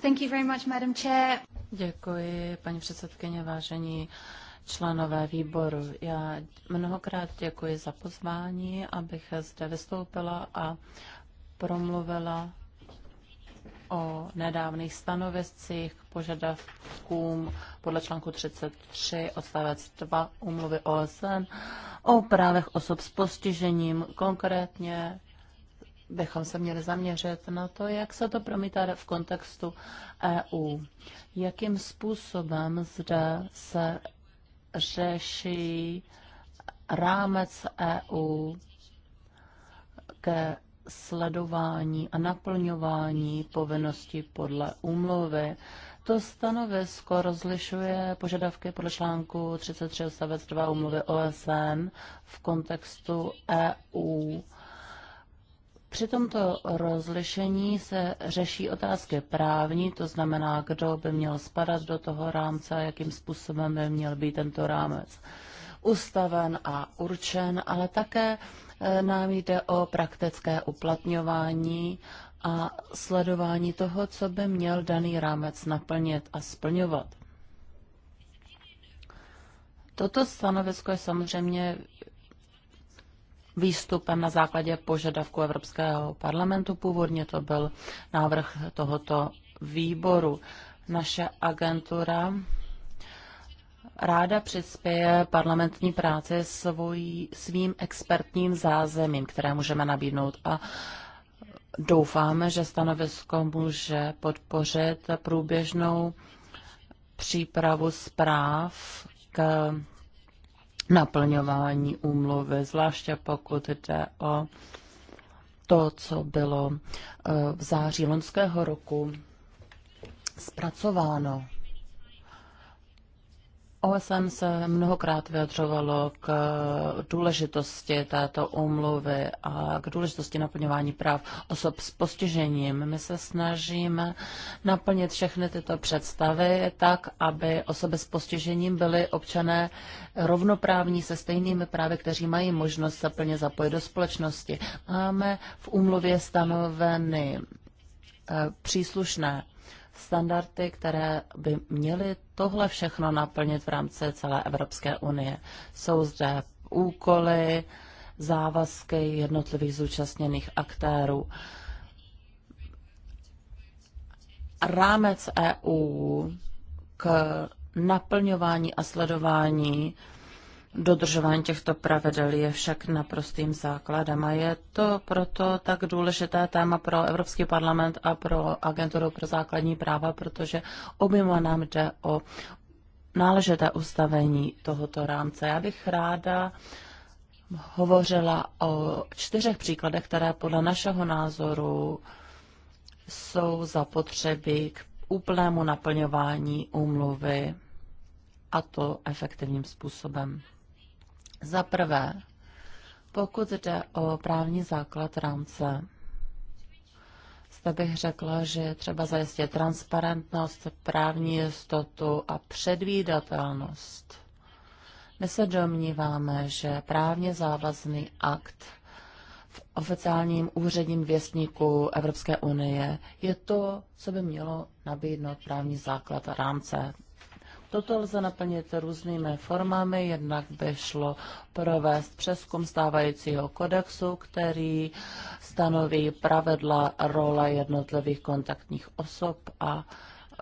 Thank you very much, Madam Chair. Děkuji, paní předsedkyně, vážení členové výboru. Já mnohokrát děkuji za pozvání, abych zde vystoupila a promluvila o nedávných stanoviscích k požadavkům podle článku 33 odstavec 2 umluvy OSN o právech osob s postižením, konkrétně bychom se měli zaměřit na to, jak se to promítá v kontextu EU. Jakým způsobem zde se řeší rámec EU ke sledování a naplňování povinností podle úmluvy. To stanovisko rozlišuje požadavky podle článku 33 odstavec 2 úmluvy OSN v kontextu EU při tomto rozlišení se řeší otázky právní, to znamená, kdo by měl spadat do toho rámce a jakým způsobem by měl být tento rámec ustaven a určen, ale také eh, nám jde o praktické uplatňování a sledování toho, co by měl daný rámec naplnit a splňovat. Toto stanovisko je samozřejmě výstupem na základě požadavku Evropského parlamentu. Původně to byl návrh tohoto výboru. Naše agentura ráda přispěje parlamentní práci svojí, svým expertním zázemím, které můžeme nabídnout a doufáme, že stanovisko může podpořit průběžnou přípravu zpráv k naplňování úmluvy, zvláště pokud jde o to, co bylo eh, v září loňského roku zpracováno OSN se mnohokrát vyjadřovalo k důležitosti této úmluvy a k důležitosti naplňování práv osob s postižením. My se snažíme naplnit všechny tyto představy tak, aby osoby s postižením byly občané rovnoprávní se stejnými právy, kteří mají možnost se plně zapojit do společnosti. Máme v úmluvě stanoveny eh, příslušné standardy, které by měly tohle všechno naplnit v rámci celé Evropské unie. Jsou zde úkoly, závazky jednotlivých zúčastněných aktérů. Rámec EU k naplňování a sledování Dodržování těchto pravidel je však naprostým základem a je to proto tak důležité téma pro Evropský parlament a pro Agenturu pro základní práva, protože oběma nám jde o náležité ustavení tohoto rámce. Já bych ráda hovořila o čtyřech příkladech, které podle našeho názoru jsou zapotřebí k úplnému naplňování úmluvy a to efektivním způsobem. Za prvé, pokud jde o právní základ rámce, zde bych řekla, že je třeba zajistit transparentnost, právní jistotu a předvídatelnost. My se domníváme, že právně závazný akt v oficiálním úředním věstníku Evropské unie je to, co by mělo nabídnout právní základ a rámce Toto lze naplnit různými formami, jednak by šlo provést přeskum stávajícího kodexu, který stanoví pravidla role jednotlivých kontaktních osob a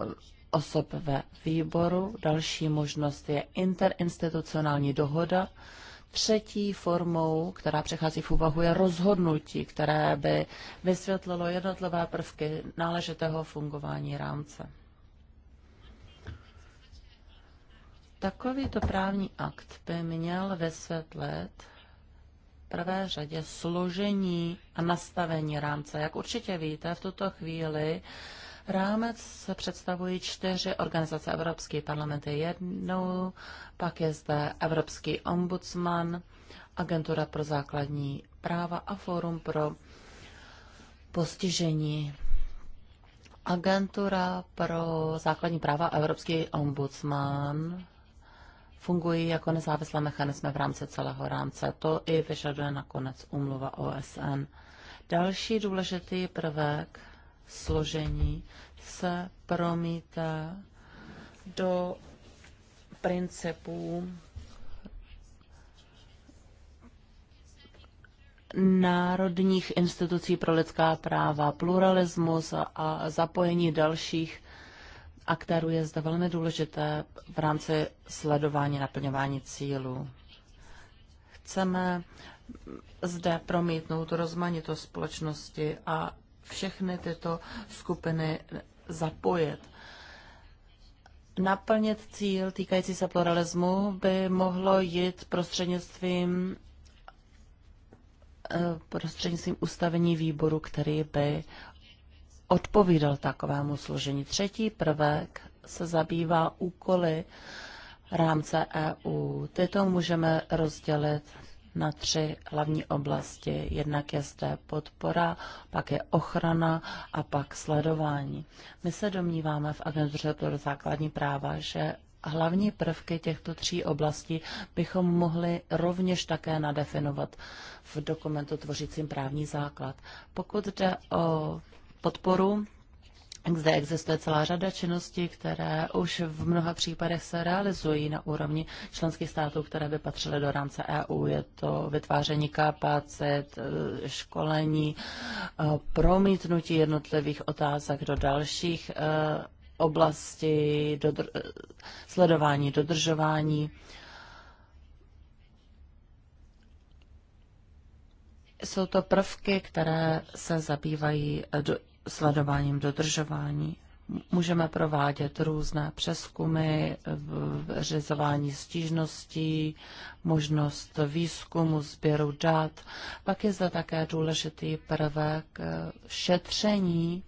e, osob ve výboru. Další možnost je interinstitucionální dohoda. Třetí formou, která přechází v úvahu, je rozhodnutí, které by vysvětlilo jednotlivé prvky náležitého fungování rámce. Takovýto právní akt by měl vysvětlit v prvé řadě složení a nastavení rámce. Jak určitě víte, v tuto chvíli rámec představují čtyři organizace. Evropský parlament je jednou, pak je zde Evropský ombudsman, Agentura pro základní práva a Fórum pro postižení. Agentura pro základní práva a Evropský ombudsman fungují jako nezávislé mechanismy v rámci celého rámce. To i vyžaduje nakonec umluva OSN. Další důležitý prvek složení se promítá do principů národních institucí pro lidská práva, pluralismus a zapojení dalších a kterou je zde velmi důležité v rámci sledování naplňování cílů. Chceme zde promítnout rozmanitost společnosti a všechny tyto skupiny zapojit. Naplnit cíl týkající se pluralismu by mohlo jít prostřednictvím eh, prostřednictvím ustavení výboru, který by odpovídal takovému složení. Třetí prvek se zabývá úkoly rámce EU. Tyto můžeme rozdělit na tři hlavní oblasti. Jednak je zde podpora, pak je ochrana a pak sledování. My se domníváme v agentuře pro základní práva, že hlavní prvky těchto tří oblastí bychom mohli rovněž také nadefinovat v dokumentu tvořícím právní základ. Pokud jde o podporu. Zde existuje celá řada činností, které už v mnoha případech se realizují na úrovni členských států, které by patřily do rámce EU. Je to vytváření kapacit, eh, školení, eh, promítnutí jednotlivých otázek do dalších eh, oblastí, dodr- sledování, dodržování. Jsou to prvky, které se zabývají eh, do, sledováním dodržování. Můžeme provádět různé přeskumy, eh, řizování stížností, možnost výzkumu, sběru dat. Pak je zde také důležitý prvek eh, šetření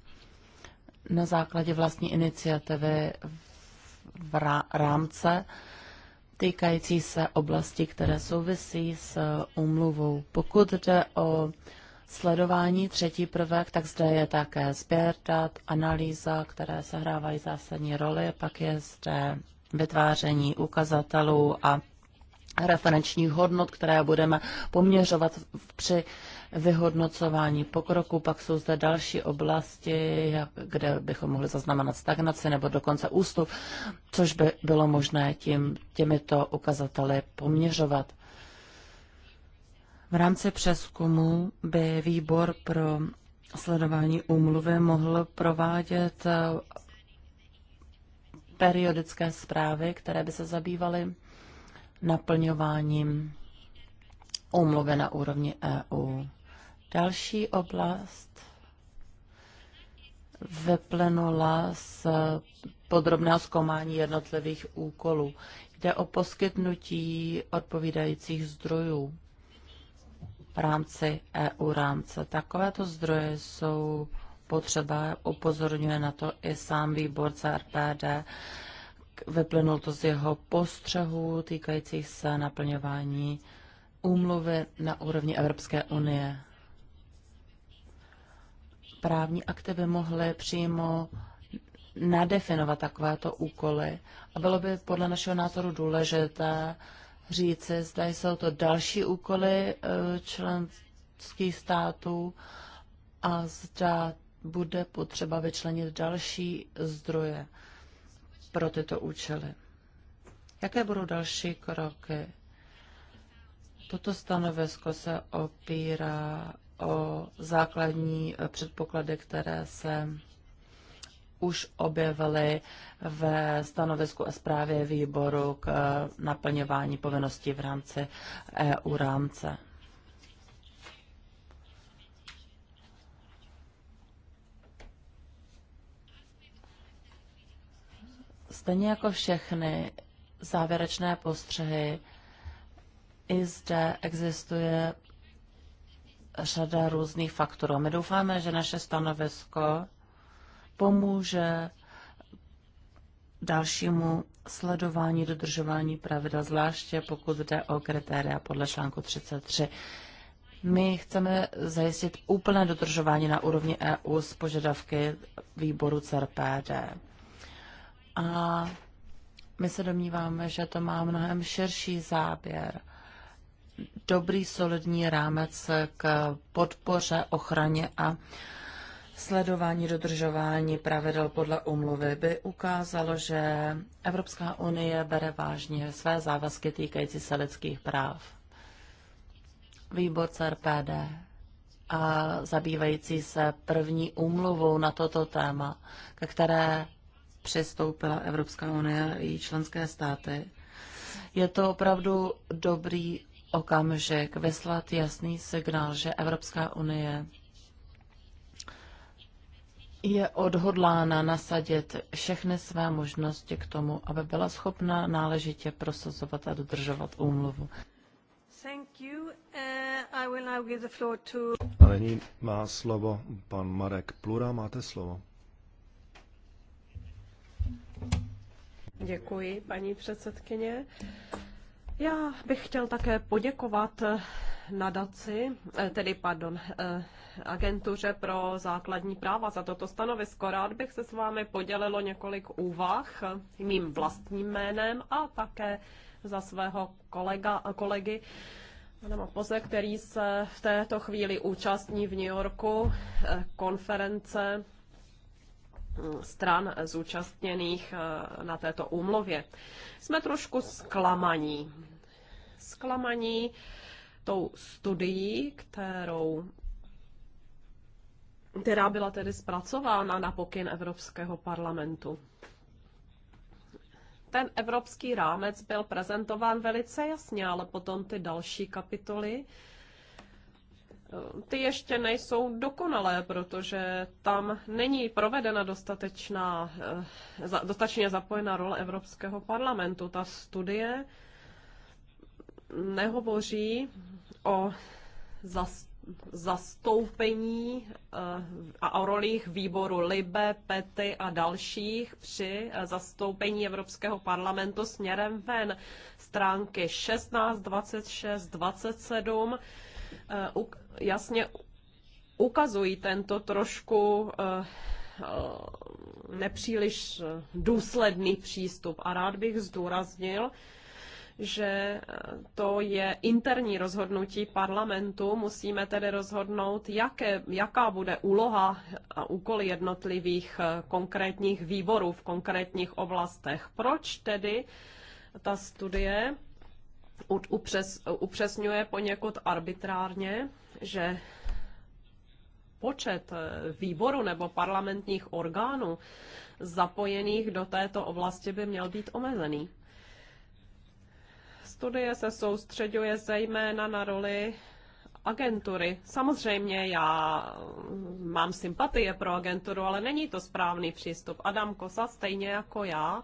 na základě vlastní iniciativy v rámce týkající se oblasti, které souvisí s eh, úmluvou. Pokud jde o sledování třetí prvek, tak zde je také sběr dat, analýza, které sehrávají zásadní roli, pak je zde vytváření ukazatelů a referenčních hodnot, které budeme poměřovat při vyhodnocování pokroku, pak jsou zde další oblasti, jak, kde bychom mohli zaznamenat stagnaci nebo dokonce ústup, což by bylo možné tím, těmito ukazateli poměřovat. V rámci přeskumu by výbor pro sledování úmluvy mohl provádět eh, periodické zprávy, které by se zabývaly naplňováním úmluvy na úrovni EU. Další oblast vyplenula z podrobného zkoumání jednotlivých úkolů. Jde o poskytnutí odpovídajících zdrojů v rámci EU rámce. Takovéto zdroje jsou potřeba, upozorňuje na to i sám výbor CRPD. Vyplynul to z jeho postřehů týkajících se naplňování úmluvy na úrovni Evropské unie právní akty by mohly přímo nadefinovat takovéto úkoly a bylo by podle našeho názoru důležité říci, zda jsou to další úkoly e, členských států a zda bude potřeba vyčlenit další zdroje pro tyto účely. Jaké budou další kroky? Toto stanovisko se opírá o základní eh, předpoklady, které se už objevily ve stanovisku a zprávě výboru k eh, naplňování povinností v rámci EU rámce. Stejně jako všechny závěrečné postřehy, i zde existuje řada různých faktorů. My doufáme, že naše stanovisko pomůže dalšímu sledování dodržování pravidel, zvláště pokud jde o kritéria podle článku 33. My chceme zajistit úplné dodržování na úrovni EU z požadavky výboru CRPD. A my se domníváme, že to má mnohem širší záběr dobrý solidní rámec k podpoře, ochraně a sledování dodržování pravidel podle umluvy by ukázalo, že Evropská unie bere vážně své závazky týkající se lidských práv. Výbor CRPD a zabývající se první úmluvou na toto téma, ke které přistoupila Evropská unie i členské státy. Je to opravdu dobrý okamžik vyslat jasný signál, že Evropská unie je odhodlána nasadit všechny své možnosti k tomu, aby byla schopna náležitě prosazovat a dodržovat úmluvu. Uh, a nyní má slovo pan Marek Plura. Máte slovo. Děkuji, paní předsedkyně. Já bych chtěl také poděkovat eh, nadaci, eh, tedy pardon, eh, agentuře pro základní práva za toto stanovisko. Rád bych se s vámi podělilo několik úvah mým vlastním jménem a také za svého kolega, kolegy pana Mapoze, který se v této chvíli účastní v New Yorku konference mm, stran zúčastněných na této úmluvě. Jsme trošku zklamaní zklamaní tou studií, kterou která byla tedy zpracována na pokyn Evropského parlamentu. Ten evropský rámec byl prezentován velice jasně, ale potom ty další kapitoly, eh, ty ještě nejsou dokonalé, protože tam není provedena dostatečná, eh, dostatečně zapojena role Evropského parlamentu. Ta studie nehovoří o zas, zastoupení eh, a o rolích výboru Libe, Pety a dalších při eh, zastoupení Evropského parlamentu směrem ven. Stránky 16, 26, 27 jasně ukazují tento trošku eh, nepříliš důsledný přístup. A rád bych zdůraznil, že to je interní rozhodnutí parlamentu. Musíme tedy rozhodnout, jaké, jaká bude úloha a úkol jednotlivých eh, konkrétních výborů v konkrétních oblastech. Proč tedy ta studie upřes, upřesňuje poněkud arbitrárně, že počet eh, výboru nebo parlamentních orgánů zapojených do této oblasti by měl být omezený studie se soustředuje zejména na roli agentury. Samozřejmě já mm, mám sympatie pro agenturu, ale není to správný přístup. Adam Kosa, stejně jako já,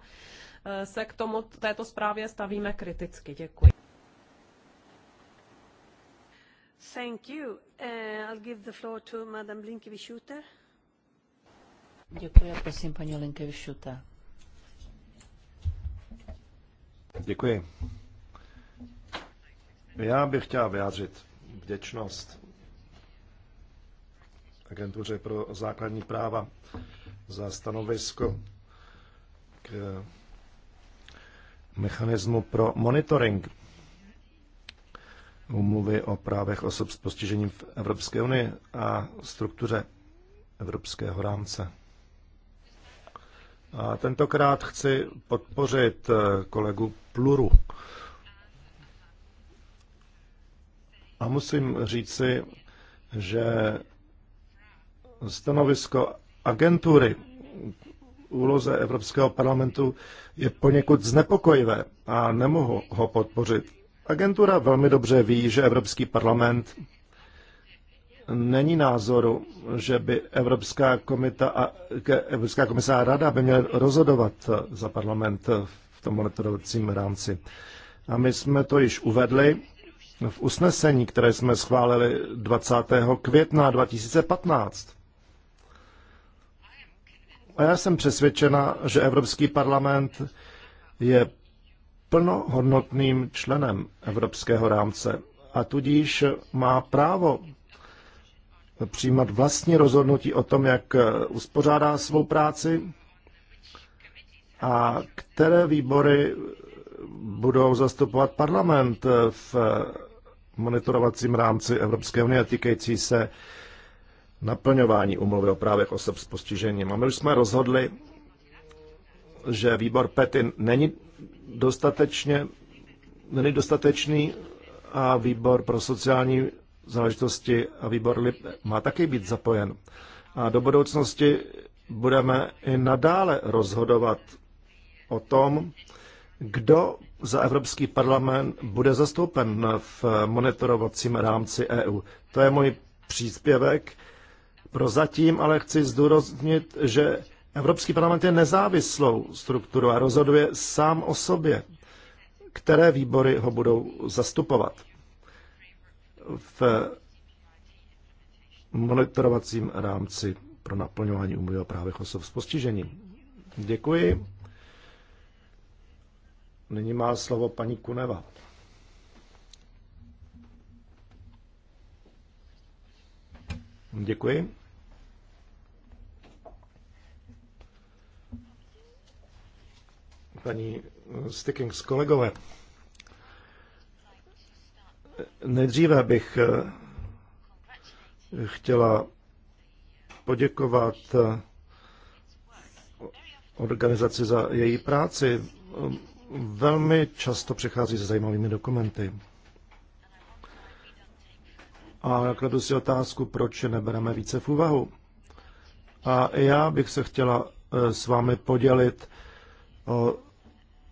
eh, se k tomu této zprávě stavíme kriticky. Děkuji. Thank you. Uh, I'll give the floor to Madam Blinkevičiūtė. Děkuji a prosím paní Linkevičiūtė. Děkuji. Já bych chtěl vyjádřit vděčnost Agentuře pro základní práva za stanovisko k mechanismu pro monitoring umluvy o právech osob s postižením v Evropské unii a struktuře evropského rámce. A tentokrát chci podpořit kolegu Pluru A musím říci, že stanovisko agentury úloze Evropského parlamentu je poněkud znepokojivé a nemohu ho podpořit. Agentura velmi dobře ví, že Evropský parlament není názoru, že by Evropská, komita a, Evropská komisa a rada by měly rozhodovat za parlament v tom monitorovacím rámci. A my jsme to již uvedli v usnesení, které jsme schválili 20. května 2015. A já jsem přesvědčena, že Evropský parlament je plnohodnotným členem evropského rámce a tudíž má právo přijímat vlastní rozhodnutí o tom, jak uspořádá svou práci a které výbory budou zastupovat parlament v monitorovacím rámci Evropské unie týkající se naplňování umluvy o právech osob s postižením. A my už jsme rozhodli, že výbor PETI není dostatečně není dostatečný a výbor pro sociální záležitosti a výbor LIP má taky být zapojen. A do budoucnosti budeme i nadále rozhodovat o tom, kdo za Evropský parlament bude zastoupen v monitorovacím rámci EU. To je můj příspěvek. Prozatím ale chci zdůraznit, že Evropský parlament je nezávislou strukturou a rozhoduje sám o sobě, které výbory ho budou zastupovat. V monitorovacím rámci pro naplňování umluvy o právech osob s postižením. Děkuji. Nyní má slovo paní Kuneva. Děkuji. Paní Stickings, kolegové, nejdříve bych eh, chtěla poděkovat eh, organizaci za její práci velmi často přichází se zajímavými dokumenty. A kladu si otázku, proč nebereme více v úvahu. A já bych se chtěla e, s vámi podělit o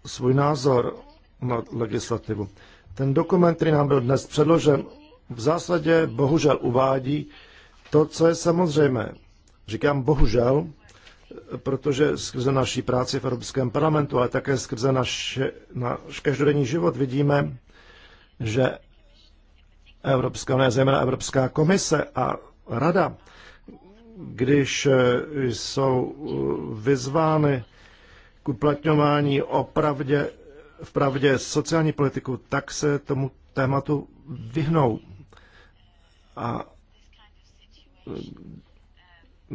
svůj názor na legislativu. Ten dokument, který nám byl dnes předložen, v zásadě bohužel uvádí to, co je samozřejmé. Říkám bohužel, protože skrze naší práci v Evropském parlamentu, ale také skrze naš, náš každodenní život vidíme, že Evropská unie, zejména Evropská komise a rada, když jsou vyzvány k uplatňování opravdě, v pravdě sociální politiku, tak se tomu tématu vyhnou. A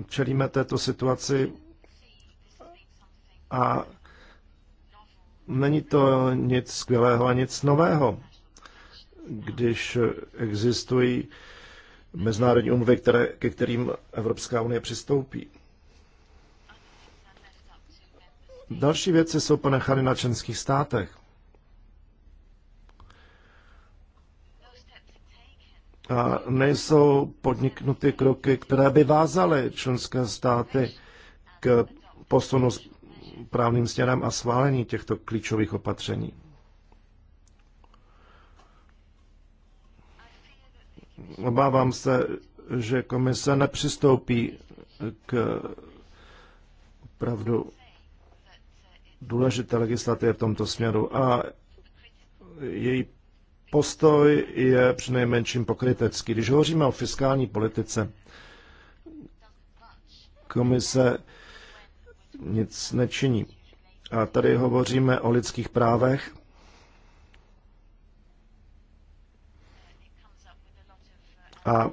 čelíme této situaci a není to nic skvělého a nic nového, když existují mezinárodní umluvy, které, ke kterým Evropská unie přistoupí. Další věci jsou ponechány na členských státech. A nejsou podniknuty kroky, které by vázaly členské státy k posunu právným směrem a schválení těchto klíčových opatření. Obávám se, že komise nepřistoupí k opravdu důležité legislativě v tomto směru a její postoj je přinejmenším pokrytecký. Když hovoříme o fiskální politice, komise nic nečiní. A tady hovoříme o lidských právech. A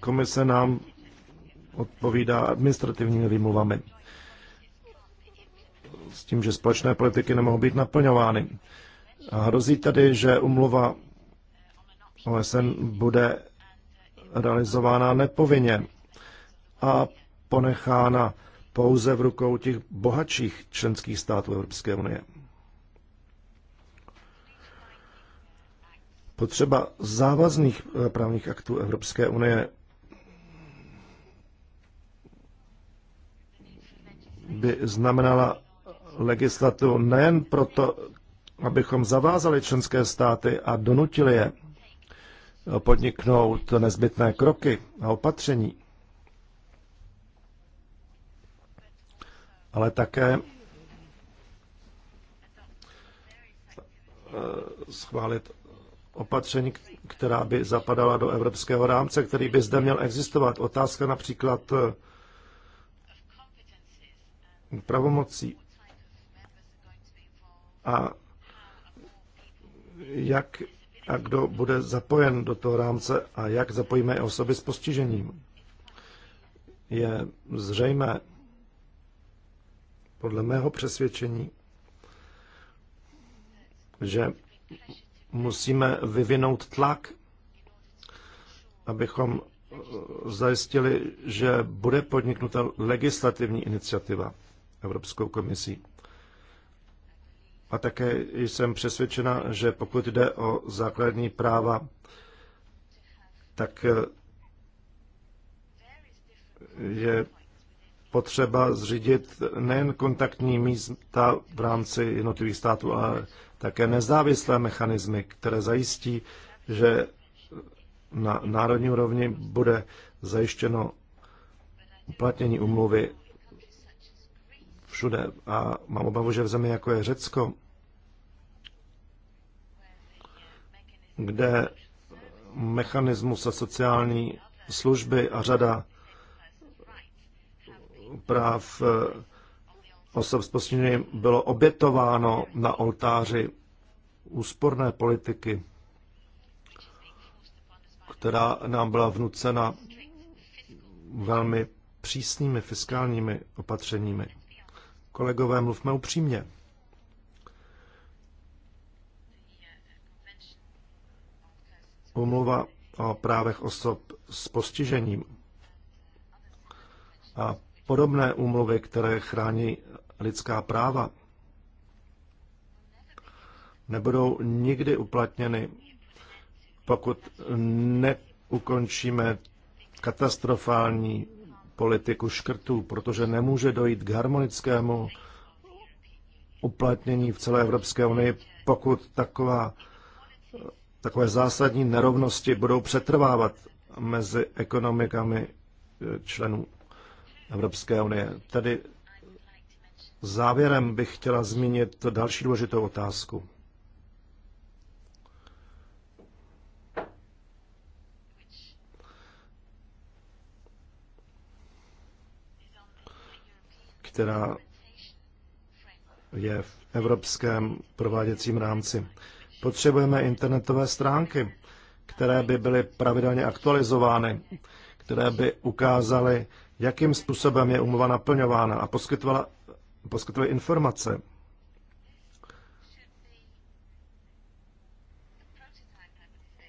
komise nám odpovídá administrativními výmluvami. S tím, že společné politiky nemohou být naplňovány. A hrozí tady, že umluva OSN bude realizována nepovinně. A ponechána pouze v rukou těch bohatších členských států Evropské unie. Potřeba závazných eh, právních aktů Evropské unie by znamenala legislativu nejen proto, abychom zavázali členské státy a donutili je podniknout nezbytné kroky a opatření, ale také eh, schválit opatření, která by zapadala do evropského rámce, který by zde měl existovat. Otázka například eh, pravomocí a jak a kdo bude zapojen do toho rámce a jak zapojíme osoby s postižením. Je zřejmé, podle mého přesvědčení, že musíme vyvinout tlak, abychom eh, zajistili, že bude podniknuta legislativní iniciativa Evropskou komisí. A také jsem přesvědčena, že pokud jde o základní práva, tak eh, je potřeba zřídit nejen kontaktní místa v rámci jednotlivých států, ale také nezávislé mechanismy, které zajistí, že na národní úrovni bude zajištěno uplatnění umluvy všude. A mám obavu, že v zemi jako je Řecko, kde mechanismus a sociální služby a řada práv eh, osob s postižením bylo obětováno na oltáři úsporné politiky, která nám byla vnucena velmi přísnými fiskálními opatřeními. Kolegové, mluvme upřímně. Umluva o právech osob s postižením a podobné úmluvy, které chrání lidská práva, nebudou nikdy uplatněny, pokud neukončíme katastrofální politiku škrtů, protože nemůže dojít k harmonickému uplatnění v celé Evropské unii, pokud taková, takové zásadní nerovnosti budou přetrvávat mezi ekonomikami členů Evropské unie. Tedy závěrem bych chtěla zmínit další důležitou otázku. která je v evropském prováděcím rámci. Potřebujeme internetové stránky, které by byly pravidelně aktualizovány, které by ukázaly jakým způsobem je umluva naplňována a poskytovala, poskytuje informace.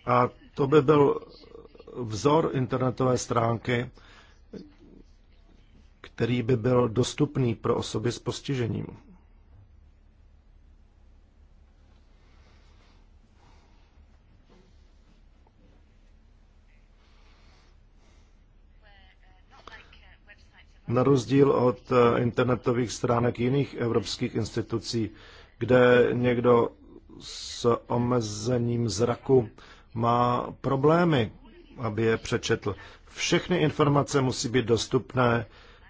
A to by byl vzor internetové stránky, který by byl dostupný pro osoby s postižením. na rozdíl od eh, internetových stránek jiných evropských institucí, kde někdo s omezením zraku má problémy, aby je přečetl. Všechny informace musí být dostupné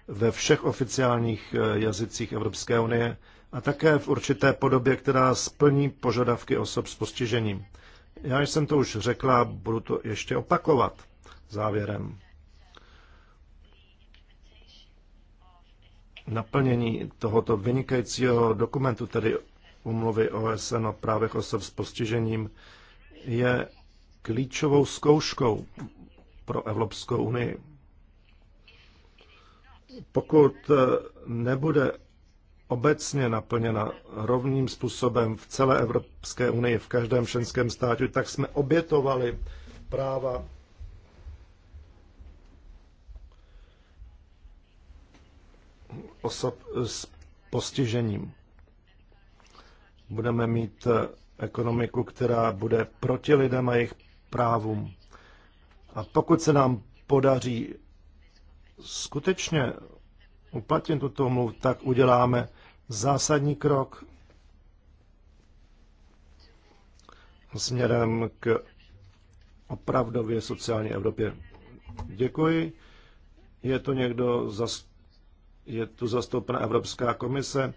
ve všech oficiálních eh, jazycích Evropské unie a také v určité podobě, která splní požadavky osob s postižením. Já jsem to už řekla, budu to ještě opakovat závěrem. naplnění tohoto vynikajícího dokumentu, tedy umluvy OSN o právech osob s postižením, je klíčovou zkouškou pro Evropskou unii. Pokud eh, nebude obecně naplněna rovným způsobem v celé Evropské unii, v každém členském státě, tak jsme obětovali práva osob s postižením. Budeme mít eh, ekonomiku, která bude proti lidem a jejich právům. A pokud se nám podaří skutečně uplatnit tuto omluvu, tak uděláme zásadní krok směrem k opravdově sociální Evropě. Děkuji. Je to někdo za je tu zastoupena Evropská komise.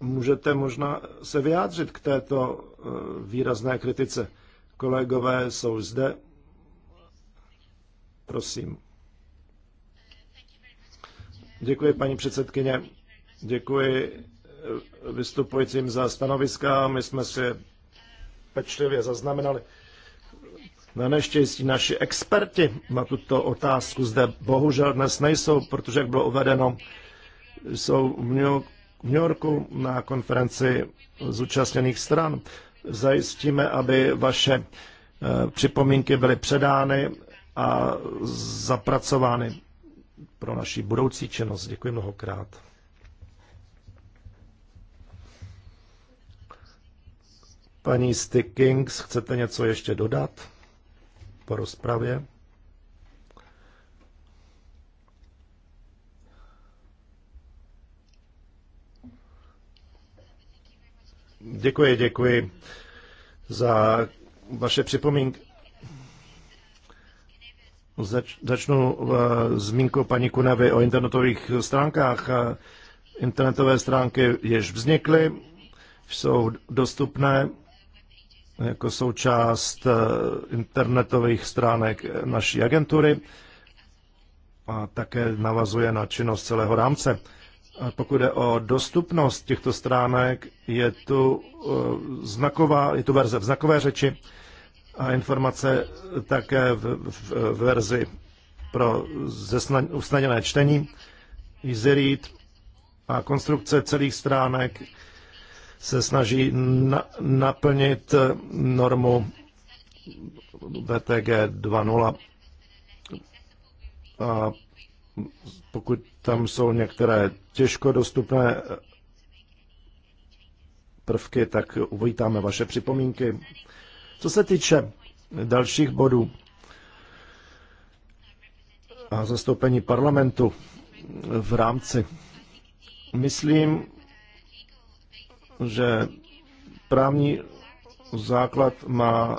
Můžete možná se vyjádřit k této eh, výrazné kritice. Kolegové jsou zde. Prosím. Děkuji, paní předsedkyně. Děkuji eh, vystupujícím za stanoviska. My jsme si pečlivě zaznamenali. Na neštěstí naši experti na tuto otázku zde bohužel dnes nejsou, protože, jak bylo uvedeno, jsou v New Yorku na konferenci zúčastněných stran. Zajistíme, aby vaše eh, připomínky byly předány a zapracovány pro naši budoucí činnost. Děkuji mnohokrát. Paní Stickings, chcete něco ještě dodat? po rozpravě. Děkuji, děkuji za vaše připomínky. Zač, začnu uh, eh, zmínku paní Kunavy o internetových stránkách. Eh, internetové stránky jež vznikly, jsou dostupné jako součást eh, internetových stránek naší agentury a také navazuje na činnost celého rámce. A pokud jde o dostupnost těchto stránek, je tu, eh, znaková, je tu verze v znakové řeči a informace také v, v, v verzi pro usnadněné čtení, easy read a konstrukce celých stránek se snaží na, naplnit normu VTG 2.0. A pokud tam jsou některé těžko dostupné prvky, tak uvítáme vaše připomínky. Co se týče dalších bodů a zastoupení parlamentu v rámci, myslím, že právní základ má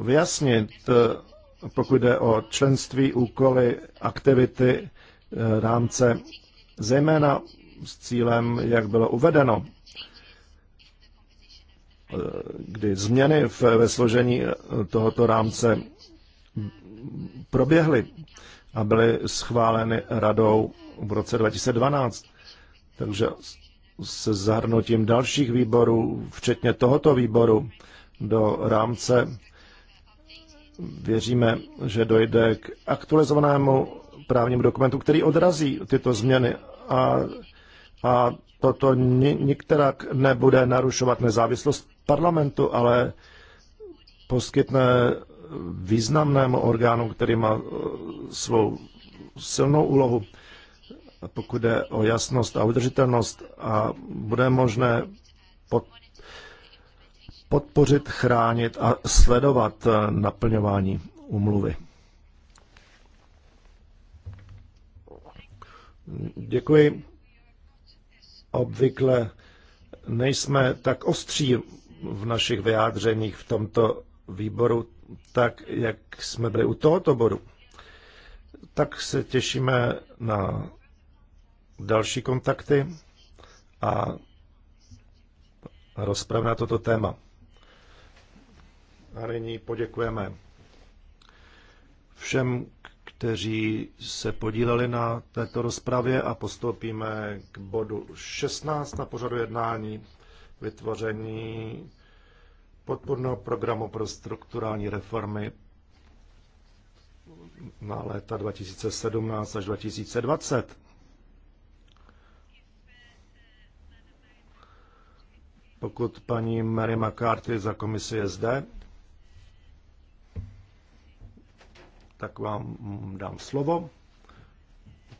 vyjasnit, eh, pokud jde o členství, úkoly, aktivity, eh, rámce, zejména s cílem, jak bylo uvedeno, eh, kdy změny ve složení tohoto rámce proběhly a byly schváleny radou v roce 2012. Takže se zahrnutím dalších výborů, včetně tohoto výboru, do rámce. Věříme, že dojde k aktualizovanému právnímu dokumentu, který odrazí tyto změny a, a toto ni, nikterak nebude narušovat nezávislost parlamentu, ale poskytne významnému orgánu, který má e, svou silnou úlohu pokud jde o jasnost a udržitelnost a bude možné pod, podpořit, chránit a sledovat eh, naplňování umluvy. Děkuji. Obvykle nejsme tak ostří v našich vyjádřeních v tomto výboru, tak jak jsme byli u tohoto bodu. Tak se těšíme na další kontakty a rozprav na toto téma. A nyní poděkujeme všem, kteří se podíleli na této rozpravě a postoupíme k bodu 16 na pořadu jednání vytvoření podporného programu pro strukturální reformy na léta 2017 až 2020. Pokud paní Mary McCarthy za komisi je zde, tak vám dám slovo.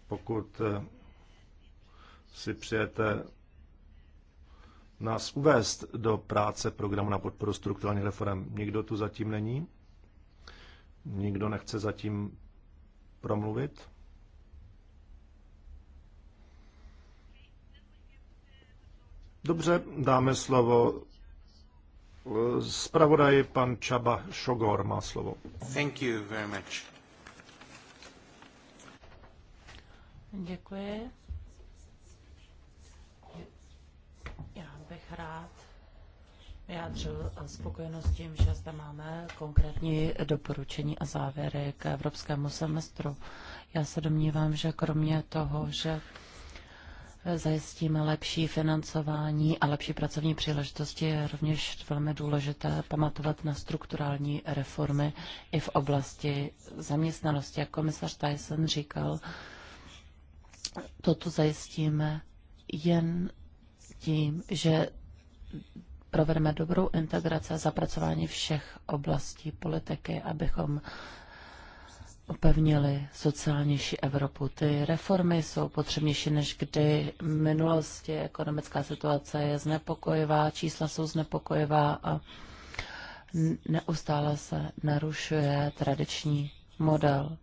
Pokud eh, si přijete nás uvést do práce programu na podporu strukturálních reform. Nikdo tu zatím není? Nikdo nechce zatím promluvit? Dobře, dáme slovo eh, zpravodaji pan Čaba Šogor má slovo. Thank you very much. Děkuji. Já bych rád vyjádřil spokojenost tím, že zde máme konkrétní doporučení a závěry k evropskému semestru. Já se domnívám, že kromě toho, že zajistíme lepší financování a lepší pracovní příležitosti, je rovněž velmi důležité pamatovat na strukturální reformy i v oblasti zaměstnanosti. Jak komisař Tyson říkal, toto zajistíme jen tím, že provedeme dobrou integraci a zapracování všech oblastí politiky, abychom upevnili sociálnější Evropu. Ty reformy jsou potřebnější než kdy v minulosti. Ekonomická situace je znepokojivá, čísla jsou znepokojivá a neustále se narušuje tradiční model.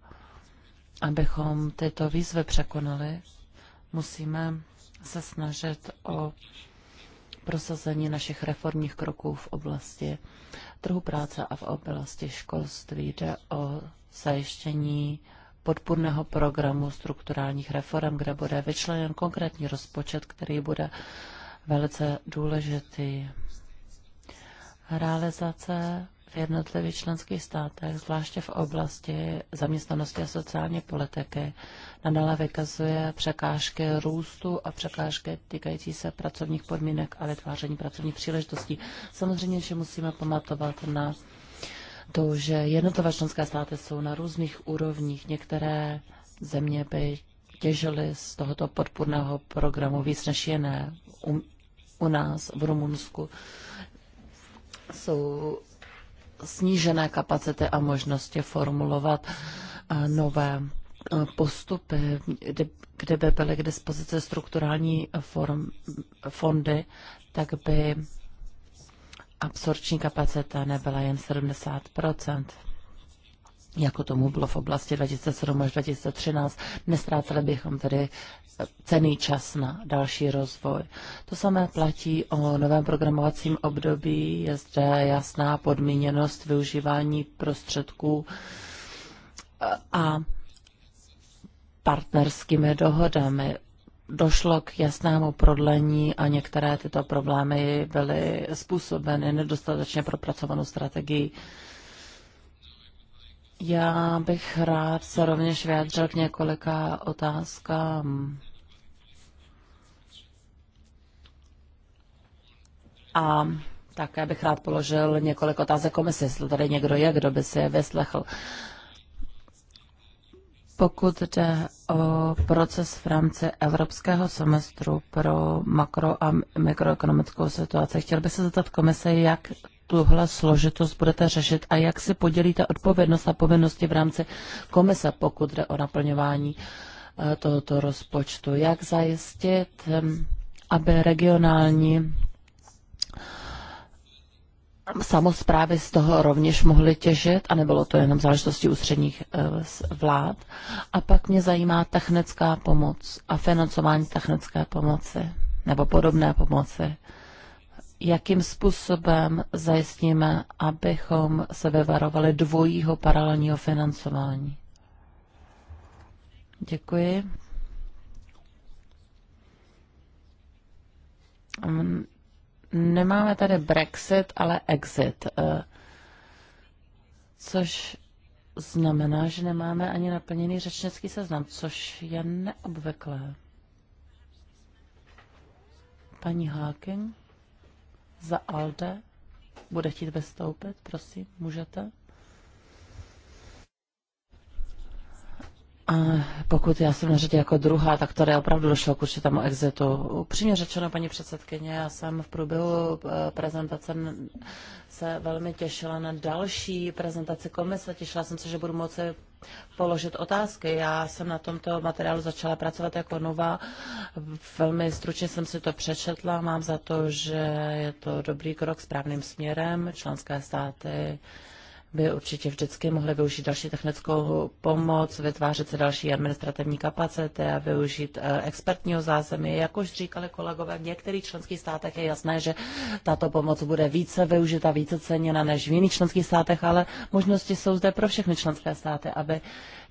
Abychom tyto výzvy překonali, musíme se snažit o prosazení našich reformních kroků v oblasti trhu práce a v oblasti školství. Jde o zajištění podpůrného programu strukturálních reform, kde bude vyčleněn konkrétní rozpočet, který bude velice důležitý. Realizace v jednotlivých členských státech, zvláště v oblasti zaměstnanosti a sociální politiky, nadále vykazuje překážky růstu a překážky týkající se pracovních podmínek a vytváření pracovních příležitostí. Samozřejmě, že musíme pamatovat na to, že jednotlivé členské státy jsou na různých úrovních. Některé země by těžily z tohoto podpůrného programu víc než jiné. U, u nás v Rumunsku jsou snížené kapacity a možnosti formulovat eh, nové eh, postupy, kde by byly k dispozici strukturální form, fondy, tak by absorční kapacita nebyla jen 70 jako tomu bylo v oblasti 2007 až 2013. Nestráceli bychom tedy cený čas na další rozvoj. To samé platí o novém programovacím období. Je zde jasná podmíněnost využívání prostředků a partnerskými dohodami. Došlo k jasnému prodlení a některé tyto problémy byly způsobeny nedostatečně propracovanou strategií. Já bych rád se rovněž vyjádřil k několika otázkám a také bych rád položil několik otázek komise, jestli tady někdo je, kdo by si je vyslechl. Pokud jde o proces v rámci evropského semestru pro makro a mikroekonomickou situaci, chtěl bych se zeptat komise, jak tuhle složitost budete řešit a jak si podělíte odpovědnost a povinnosti v rámci komise, pokud jde o naplňování eh, tohoto rozpočtu. Jak zajistit, eh, aby regionální samozprávy z toho rovněž mohly těžit a nebylo to jenom záležitostí ústředních eh, vlád. A pak mě zajímá technická pomoc a financování technické pomoci nebo podobné pomoci. Jakým způsobem zajistíme, abychom se vyvarovali dvojího paralelního financování? Děkuji nemáme tady Brexit, ale exit, eh, což znamená, že nemáme ani naplněný řečnický seznam, což je neobvyklé. Paní Hawking za ALDE bude chtít vystoupit, prosím, můžete? A pokud já jsem na řadě jako druhá, tak tady opravdu došlo k určitému exitu. Upřímně řečeno, paní předsedkyně, já jsem v průběhu eh, prezentace se velmi těšila na další prezentaci komise. Těšila jsem se, že budu moci položit otázky. Já jsem na tomto materiálu začala pracovat jako nová. Velmi stručně jsem si to přečetla. Mám za to, že je to dobrý krok správným směrem. Členské státy by určitě vždycky mohli využít další technickou pomoc, vytvářet se další administrativní kapacity a využít eh, expertního zázemí. Jak už říkali kolegové, v některých členských státech je jasné, že tato pomoc bude více využita, více ceněna než v jiných členských státech, ale možnosti jsou zde pro všechny členské státy, aby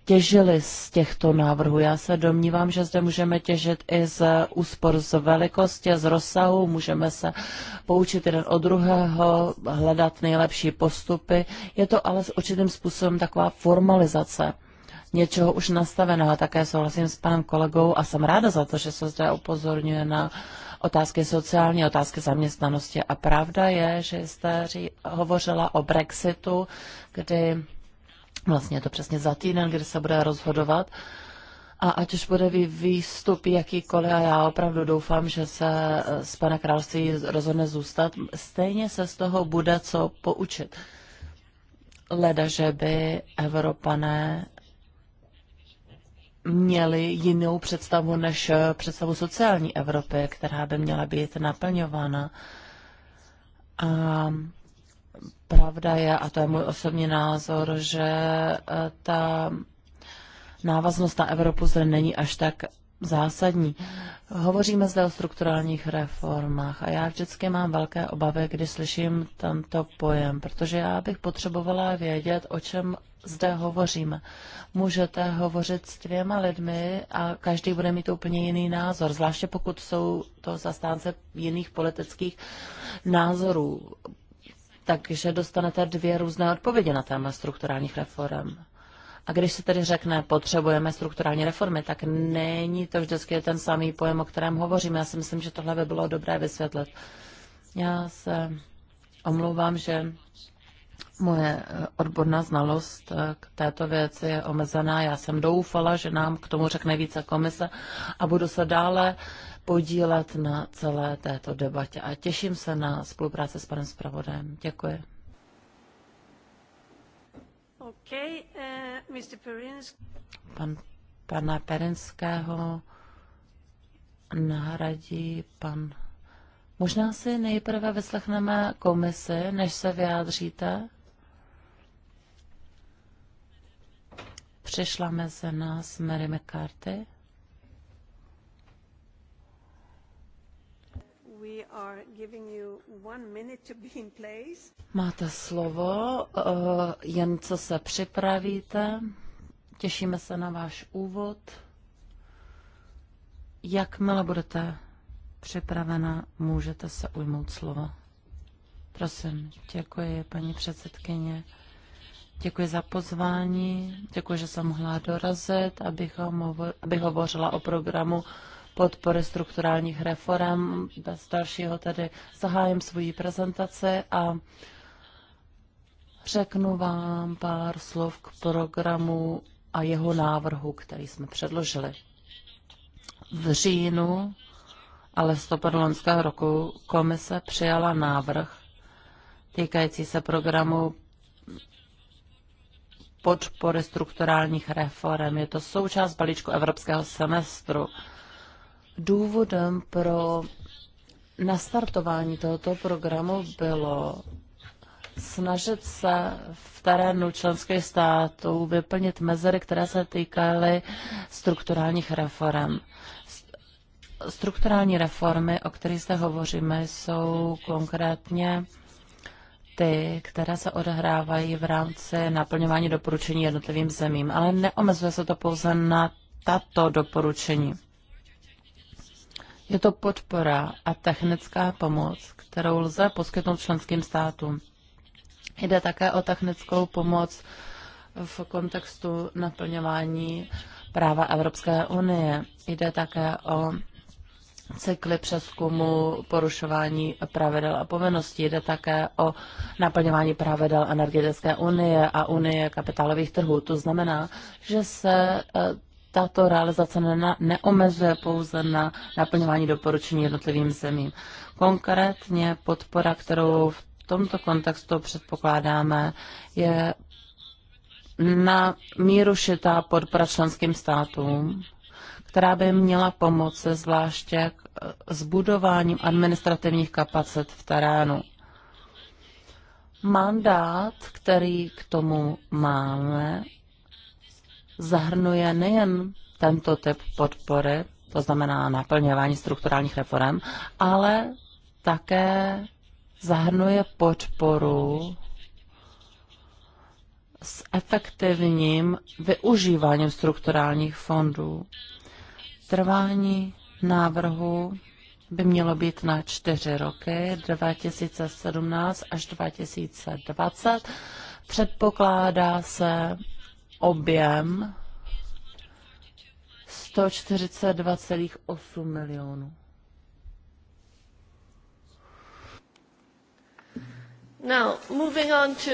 těžili z těchto návrhů. Já se domnívám, že zde můžeme těžit i z úspor z velikosti, z rozsahu, můžeme se poučit jeden od druhého, hledat nejlepší postupy. Je to ale s určitým způsobem taková formalizace něčeho už nastaveného. Také souhlasím s panem kolegou a jsem ráda za to, že se zde upozorňuje na otázky sociální, otázky zaměstnanosti. A pravda je, že jste hovořila o Brexitu, kdy Vlastně je to přesně za týden, kdy se bude rozhodovat. A ať už bude výstup jakýkoliv, a já opravdu doufám, že se eh, z pana království rozhodne zůstat, stejně se z toho bude co poučit. Leda, že by Evropané měli jinou představu než eh, představu sociální Evropy, která by měla být naplňována. A Pravda je, a to je můj osobní názor, že eh, ta návaznost na Evropu zde není až tak zásadní. Hovoříme zde o strukturálních reformách a já vždycky mám velké obavy, když slyším tento pojem, protože já bych potřebovala vědět, o čem zde hovoříme. Můžete hovořit s dvěma lidmi a každý bude mít úplně jiný názor, zvláště pokud jsou to zastánce jiných politických názorů takže dostanete dvě různé odpovědi na téma strukturálních reform. A když se tedy řekne, potřebujeme strukturální reformy, tak není to vždycky ten samý pojem, o kterém hovořím. Já si myslím, že tohle by bylo dobré vysvětlit. Já se omlouvám, že moje eh, odborná znalost eh, k této věci je omezená. Já jsem doufala, že nám k tomu řekne více komise a budu se dále podílet na celé této debatě a těším se na spolupráci s panem zpravodajem. Děkuji. Okay, uh, eh, Mr. Pan, pana Perinského nahradí pan... Možná si nejprve vyslechneme komisi, než se vyjádříte. Přišla mezi nás Mary McCarthy. Máte slovo, eh, jen co se připravíte. Těšíme se na váš úvod. Jakmile budete připravena, můžete se ujmout slova. Prosím, děkuji, paní předsedkyně. Děkuji za pozvání, děkuji, že jsem mohla dorazit, abych, abych hovořila o programu podpory strukturálních reform. Bez dalšího tedy zahájím svoji prezentaci a řeknu vám pár slov k programu a jeho návrhu, který jsme předložili. V říjnu a listopadu loňského roku komise přijala návrh týkající se programu podpory strukturálních reform. Je to součást balíčku evropského semestru důvodem pro nastartování tohoto programu bylo snažit se v terénu členských států vyplnit mezery, které se týkaly strukturálních reform. Strukturální reformy, o kterých zde hovoříme, jsou konkrétně ty, které se odehrávají v rámci naplňování doporučení jednotlivým zemím, ale neomezuje se to pouze na tato doporučení. Je to podpora a technická pomoc, kterou lze poskytnout členským státům. Jde také o technickou pomoc v kontextu naplňování práva Evropské unie. Jde také o cykly přeskumu porušování pravidel a povinností. Jde také o naplňování pravidel energetické unie a unie kapitálových trhů. To znamená, že se eh, tato realizace ne, neomezuje pouze na naplňování doporučení jednotlivým zemím. Konkrétně podpora, kterou v tomto kontextu předpokládáme, je na míru šitá podpora členským státům, která by měla pomoci zvláště k e, zbudováním administrativních kapacit v terénu. Mandát, který k tomu máme, zahrnuje nejen tento typ podpory, to znamená naplňování strukturálních reform, ale také zahrnuje podporu s efektivním využíváním strukturálních fondů. Trvání návrhu by mělo být na čtyři roky, 2017 až 2020. Předpokládá se objem 142,8 milionů. Now, moving on to...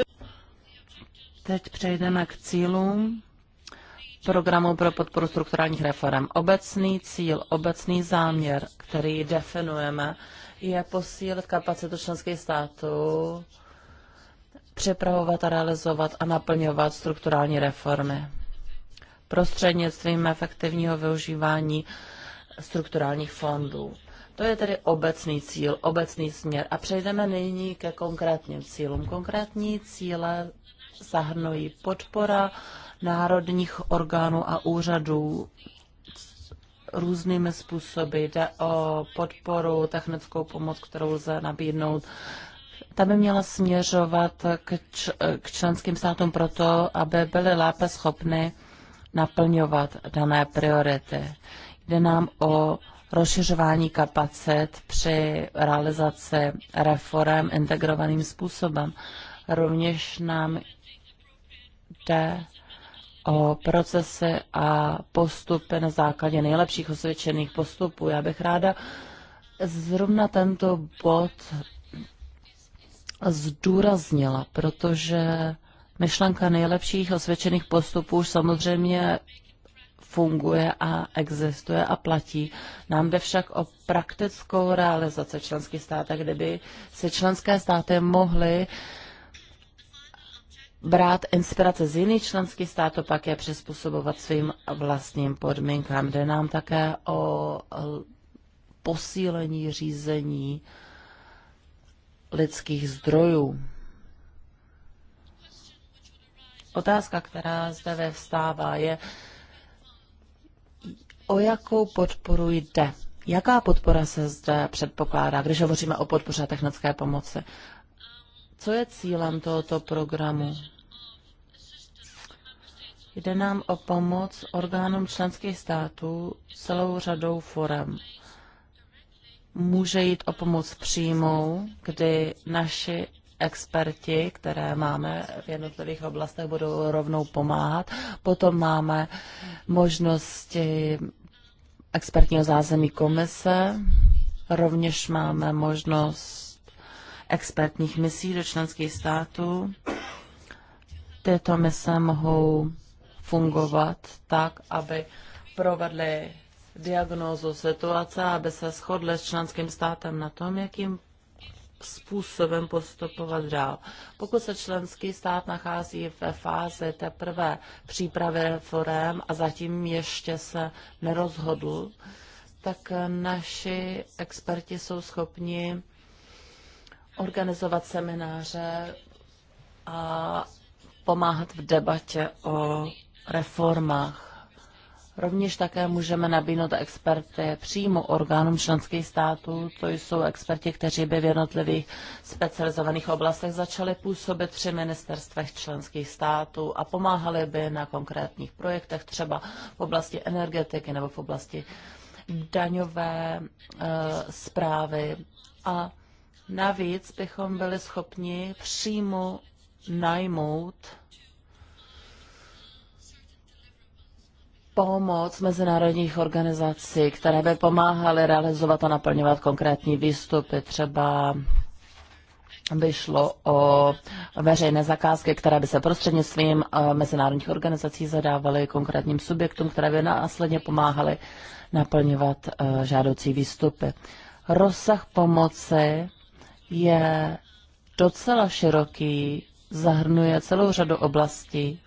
Teď přejdeme k cílům programu pro podporu strukturálních reform. Obecný cíl, obecný záměr, který definujeme, je posílit kapacitu členských států připravovat a realizovat a naplňovat strukturální reformy prostřednictvím efektivního využívání strukturálních fondů. To je tedy obecný cíl, obecný směr. A přejdeme nyní ke konkrétním cílům. Konkrétní cíle zahrnují podpora národních orgánů a úřadů různými způsoby. Jde o podporu, technickou pomoc, kterou lze nabídnout ta by měla směřovat k, č- k členským státům proto, aby byly lépe schopny naplňovat dané priority. Jde nám o rozšiřování kapacit při realizaci reform integrovaným způsobem. Rovněž nám jde o procesy a postupy na základě nejlepších osvědčených postupů. Já bych ráda zrovna tento bod zdůraznila, protože myšlenka nejlepších osvědčených postupů už samozřejmě funguje a existuje a platí. Nám jde však o praktickou realizaci členských států, kdyby se členské státy mohly brát inspirace z jiných členských států, pak je přizpůsobovat svým vlastním podmínkám. Jde nám také o posílení řízení lidských zdrojů. Otázka, která zde vstává, je, o jakou podporu jde. Jaká podpora se zde předpokládá, když hovoříme o podpoře technické pomoci? Co je cílem tohoto programu? Jde nám o pomoc orgánům členských států celou řadou forem může jít o pomoc přímou, kdy naši experti, které máme v jednotlivých oblastech, budou rovnou pomáhat. Potom máme možnosti expertního zázemí komise, rovněž máme možnost expertních misí do členských států. Tyto mise mohou fungovat tak, aby provedly diagnózu situace, aby se shodli s členským státem na tom, jakým způsobem postupovat dál. Pokud se členský stát nachází ve fázi teprve přípravy reform a zatím ještě se nerozhodl, tak naši experti jsou schopni organizovat semináře a pomáhat v debatě o reformách. Rovněž také můžeme nabídnout experty přímo orgánům členských států, to jsou experti, kteří by v jednotlivých specializovaných oblastech začali působit při ministerstvech členských států a pomáhali by na konkrétních projektech, třeba v oblasti energetiky nebo v oblasti daňové e, eh, zprávy. A navíc bychom byli schopni přímo najmout pomoc mezinárodních organizací, které by pomáhaly realizovat a naplňovat konkrétní výstupy, třeba by šlo o veřejné zakázky, které by se prostřednictvím eh, mezinárodních organizací zadávaly konkrétním subjektům, které by následně pomáhaly naplňovat eh, žádoucí výstupy. Rozsah pomoci je docela široký, zahrnuje celou řadu oblastí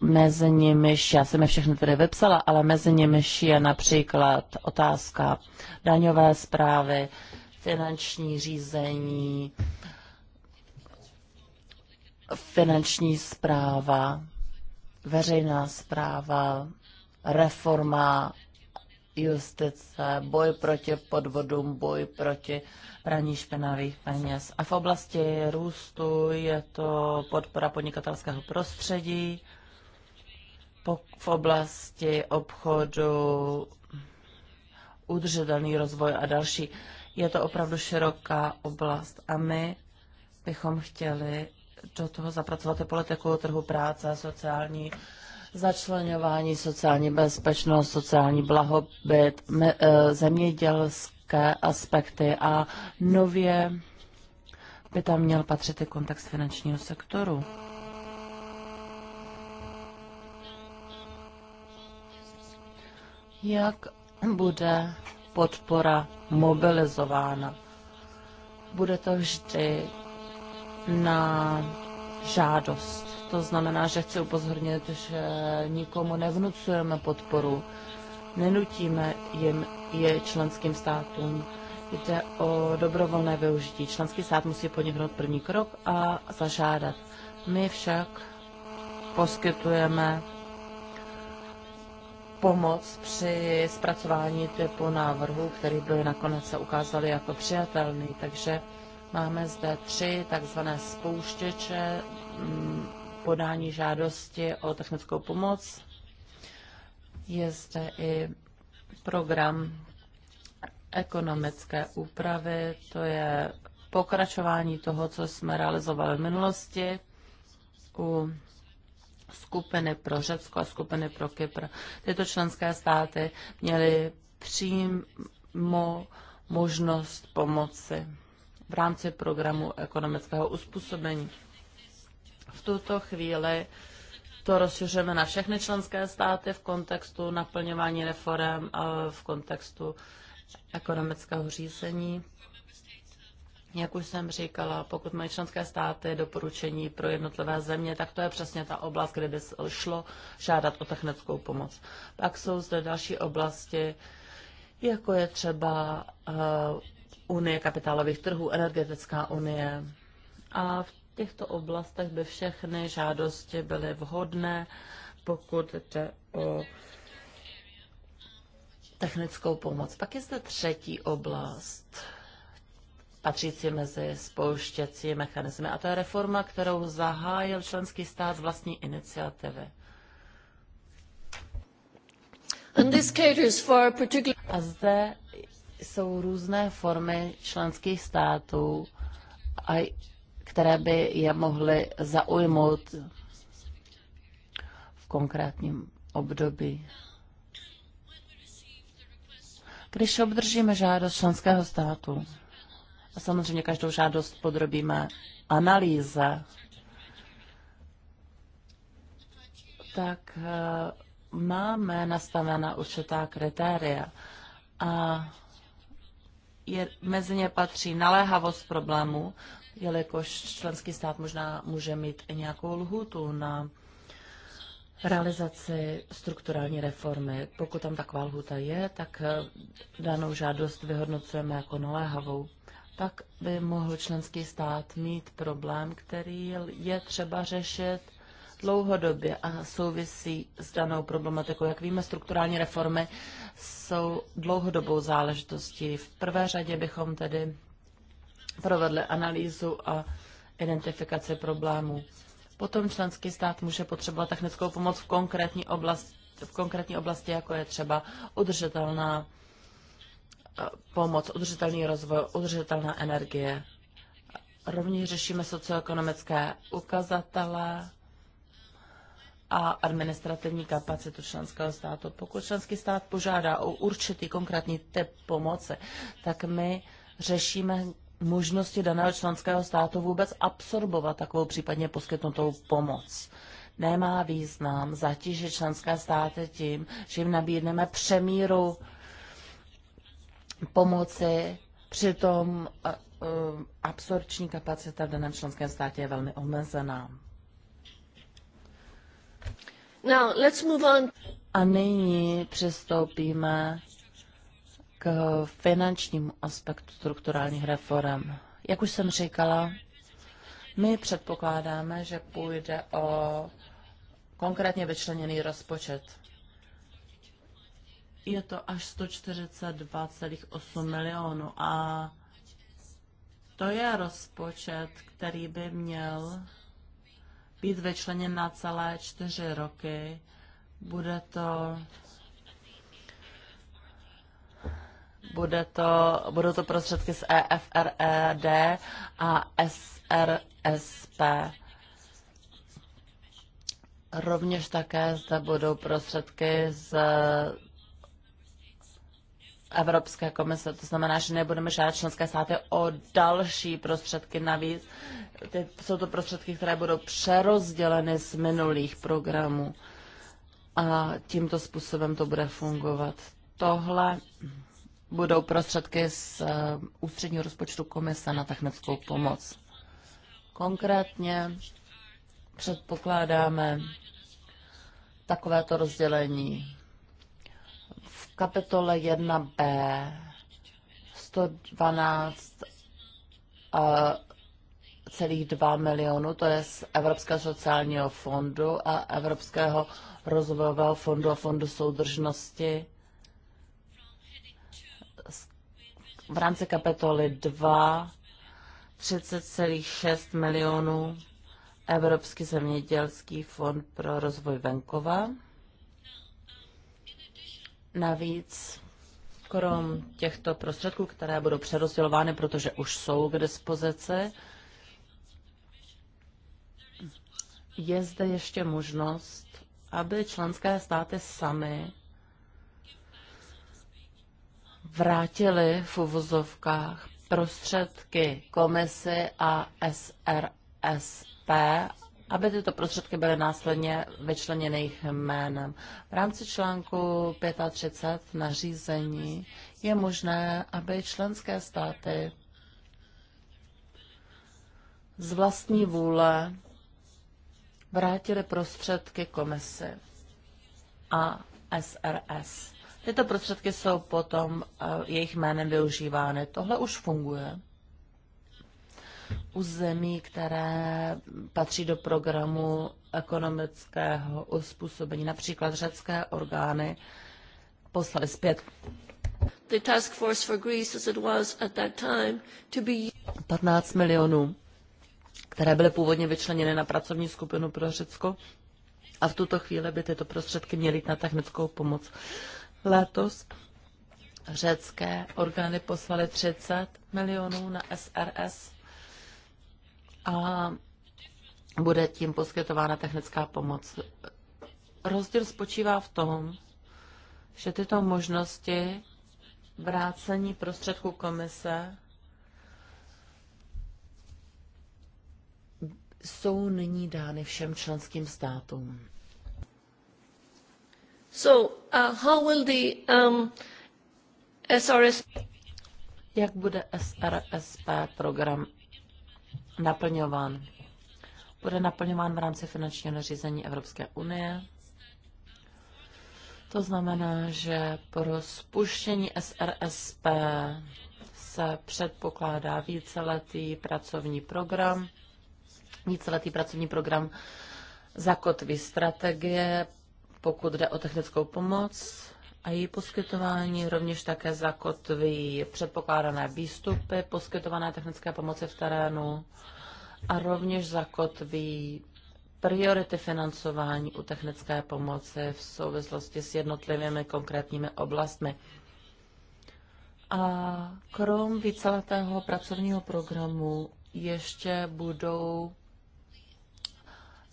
mezi nimiž, já jsem je všechny tady vypsala, ale mezi nimiž je například otázka daňové zprávy, finanční řízení, finanční zpráva, veřejná zpráva, reforma justice, boj proti podvodům, boj proti praní špinavých peněz. A v oblasti růstu je to podpora podnikatelského prostředí, v oblasti obchodu, udržitelný rozvoj a další. Je to opravdu široká oblast a my bychom chtěli do toho zapracovat i politiku trhu práce, sociální začlenování, sociální bezpečnost, sociální blahobyt, eh, zemědělské aspekty a nově by tam měl patřit i kontext finančního sektoru. jak bude podpora mobilizována. Bude to vždy na žádost. To znamená, že chci upozornit, že nikomu nevnucujeme podporu, nenutíme jim je členským státům. Jde o dobrovolné využití. Členský stát musí podniknout první krok a zažádat. My však poskytujeme pomoc při zpracování typu návrhu, který byl nakonec se ukázal jako přijatelný. Takže máme zde tři takzvané spouštěče mm, podání žádosti o technickou pomoc. Je zde i program ekonomické úpravy, to je pokračování toho, co jsme realizovali v minulosti u skupiny pro Řecko a skupiny pro Kypr. Tyto členské státy měly přímo možnost pomoci v rámci programu ekonomického uspůsobení. V tuto chvíli to rozšiřujeme na všechny členské státy v kontextu naplňování reform a v kontextu ekonomického řízení. Jak už jsem říkala, pokud mají členské státy doporučení pro jednotlivé země, tak to je přesně ta oblast, kde by šlo žádat o technickou pomoc. Pak jsou zde další oblasti, jako je třeba uh, Unie kapitálových trhů, energetická unie. A v těchto oblastech by všechny žádosti byly vhodné, pokud jde o technickou pomoc. Pak je zde třetí oblast patřící mezi spouštěcí mechanizmy. A to je reforma, kterou zahájil členský stát z vlastní iniciativy. A zde jsou různé formy členských států, které by je mohly zaujmout v konkrétním období. Když obdržíme žádost členského státu, a samozřejmě každou žádost podrobíme analýze. Tak eh, máme nastavena určitá kritéria a je, mezi ně patří naléhavost problému, jelikož členský stát možná může mít i nějakou lhutu na realizaci strukturální reformy. Pokud tam taková lhuta je, tak eh, danou žádost vyhodnocujeme jako naléhavou tak by mohl členský stát mít problém, který je třeba řešit dlouhodobě a souvisí s danou problematikou. Jak víme, strukturální reformy jsou dlouhodobou záležitostí. V prvé řadě bychom tedy provedli analýzu a identifikaci problémů. Potom členský stát může potřebovat technickou pomoc v konkrétní oblasti, v konkrétní oblasti jako je třeba udržitelná pomoc, udržitelný rozvoj, udržitelná energie. Rovněž řešíme socioekonomické ukazatele a administrativní kapacitu členského státu. Pokud členský stát požádá o určitý konkrétní typ pomoci, tak my řešíme možnosti daného členského státu vůbec absorbovat takovou případně poskytnutou pomoc nemá význam zatížit členské státy tím, že jim nabídneme přemíru pomoci. Přitom eh, eh, absorpční kapacita v daném členském státě je velmi omezená. Now, let's move on. A nyní přistoupíme k finančnímu aspektu strukturálních reform. Jak už jsem říkala, my předpokládáme, že půjde o konkrétně vyčleněný rozpočet je to až 142,8 milionů a to je rozpočet, který by měl být vyčleněn na celé čtyři roky. Bude to bude to, budou to prostředky z EFRED a SRSP. Rovněž také zde budou prostředky z Evropské komise. To znamená, že nebudeme žádat členské státy o další prostředky navíc. Ty, jsou to prostředky, které budou přerozděleny z minulých programů. A tímto způsobem to bude fungovat. Tohle budou prostředky z eh, ústředního rozpočtu komise na technickou pomoc. Konkrétně předpokládáme takovéto rozdělení kapitole 1b 112 eh, celých 2 milionů, to je z Evropského sociálního fondu a Evropského rozvojového fondu a fondu soudržnosti. V rámci kapitoly 2 30,6 milionů Evropský zemědělský fond pro rozvoj venkova. Navíc krom těchto prostředků, které budou přerozdělovány, protože už jsou k dispozici, je zde ještě možnost, aby členské státy sami vrátili v uvozovkách prostředky komisy a SRSP aby tyto prostředky byly následně vyčleněny jejich jménem. V rámci článku 35 nařízení je možné, aby členské státy z vlastní vůle vrátily prostředky komise a SRS. Tyto prostředky jsou potom eh, jejich jménem využívány. Tohle už funguje u zemí, které patří do programu ekonomického uspůsobení. Například řecké orgány poslali zpět the task force for Greece as it was at that time to be 15 milionů, které byly původně vyčleněny na pracovní skupinu pro Řecko a v tuto chvíli by tyto prostředky měly jít na technickou pomoc. Letos řecké orgány poslaly 30 milionů na SRS a bude tím poskytována technická pomoc. Rozdíl spočívá v tom, že tyto možnosti vrácení prostředků komise jsou nyní dány všem členským státům. So, uh, how will the um, SRS... Jak bude SRSP program naplňován. Bude naplňován v rámci finančního nařízení Evropské unie. To znamená, že pro spuštění SRSP se předpokládá víceletý pracovní program. Víceletý pracovní program zakotví strategie, pokud jde o technickou pomoc, a její poskytování rovněž také zakotví předpokládané výstupy, poskytované technické pomoci v terénu a rovněž zakotví priority financování u technické pomoci v souvislosti s jednotlivými konkrétními oblastmi. A krom víceletého pracovního programu ještě budou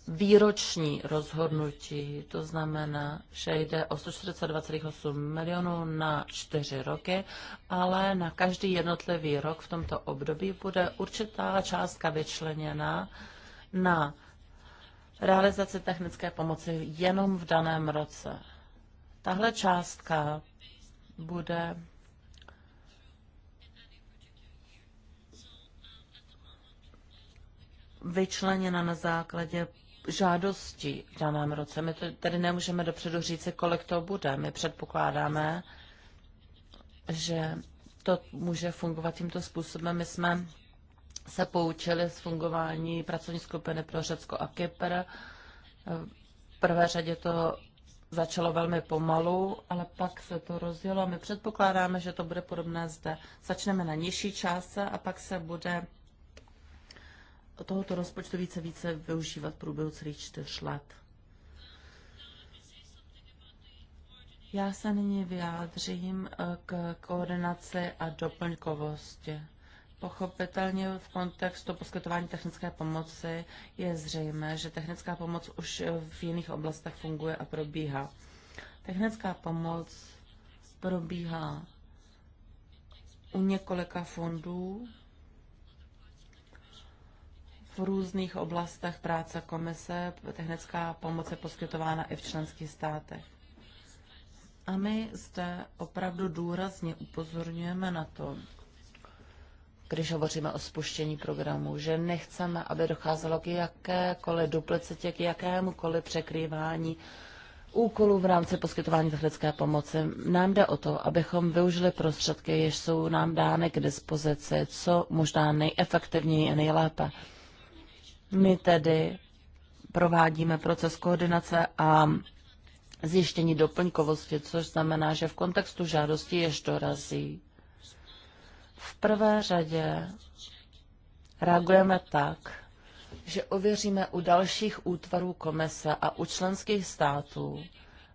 výroční rozhodnutí, to znamená, že jde o 142,8 milionů na čtyři roky, ale na každý jednotlivý rok v tomto období bude určitá částka vyčleněna na realizaci technické pomoci jenom v daném roce. Tahle částka bude vyčleněna na základě žádosti, v daném roce. My tedy nemůžeme dopředu říct, kolik to bude. My předpokládáme, že to může fungovat tímto způsobem. My jsme se poučili z fungování pracovní skupiny pro Řecko a Kypr. V prvé řadě to začalo velmi pomalu, ale pak se to rozjelo a my předpokládáme, že to bude podobné zde. Začneme na nižší čase a pak se bude tohoto rozpočtu více více využívat v průběhu celých čtyř let. Já se nyní vyjádřím eh, k koordinaci a doplňkovosti. Pochopitelně v kontextu poskytování technické pomoci je zřejmé, že technická pomoc už eh, v jiných oblastech funguje a probíhá. Technická pomoc probíhá u několika fondů v různých oblastech práce komise. Technická pomoc je poskytována i v členských státech. A my zde opravdu důrazně upozorňujeme na to, když hovoříme o spuštění programu, že nechceme, aby docházelo k jakékoliv duplicitě, k jakémukoliv překrývání úkolů v rámci poskytování technické pomoci. Nám jde o to, abychom využili prostředky, jež jsou nám dány k dispozici, co možná nejefektivněji a nejlépe. My tedy provádíme proces koordinace a zjištění doplňkovosti, což znamená, že v kontextu žádosti jež dorazí. V prvé řadě reagujeme tak, že ověříme u dalších útvarů komise a u členských států,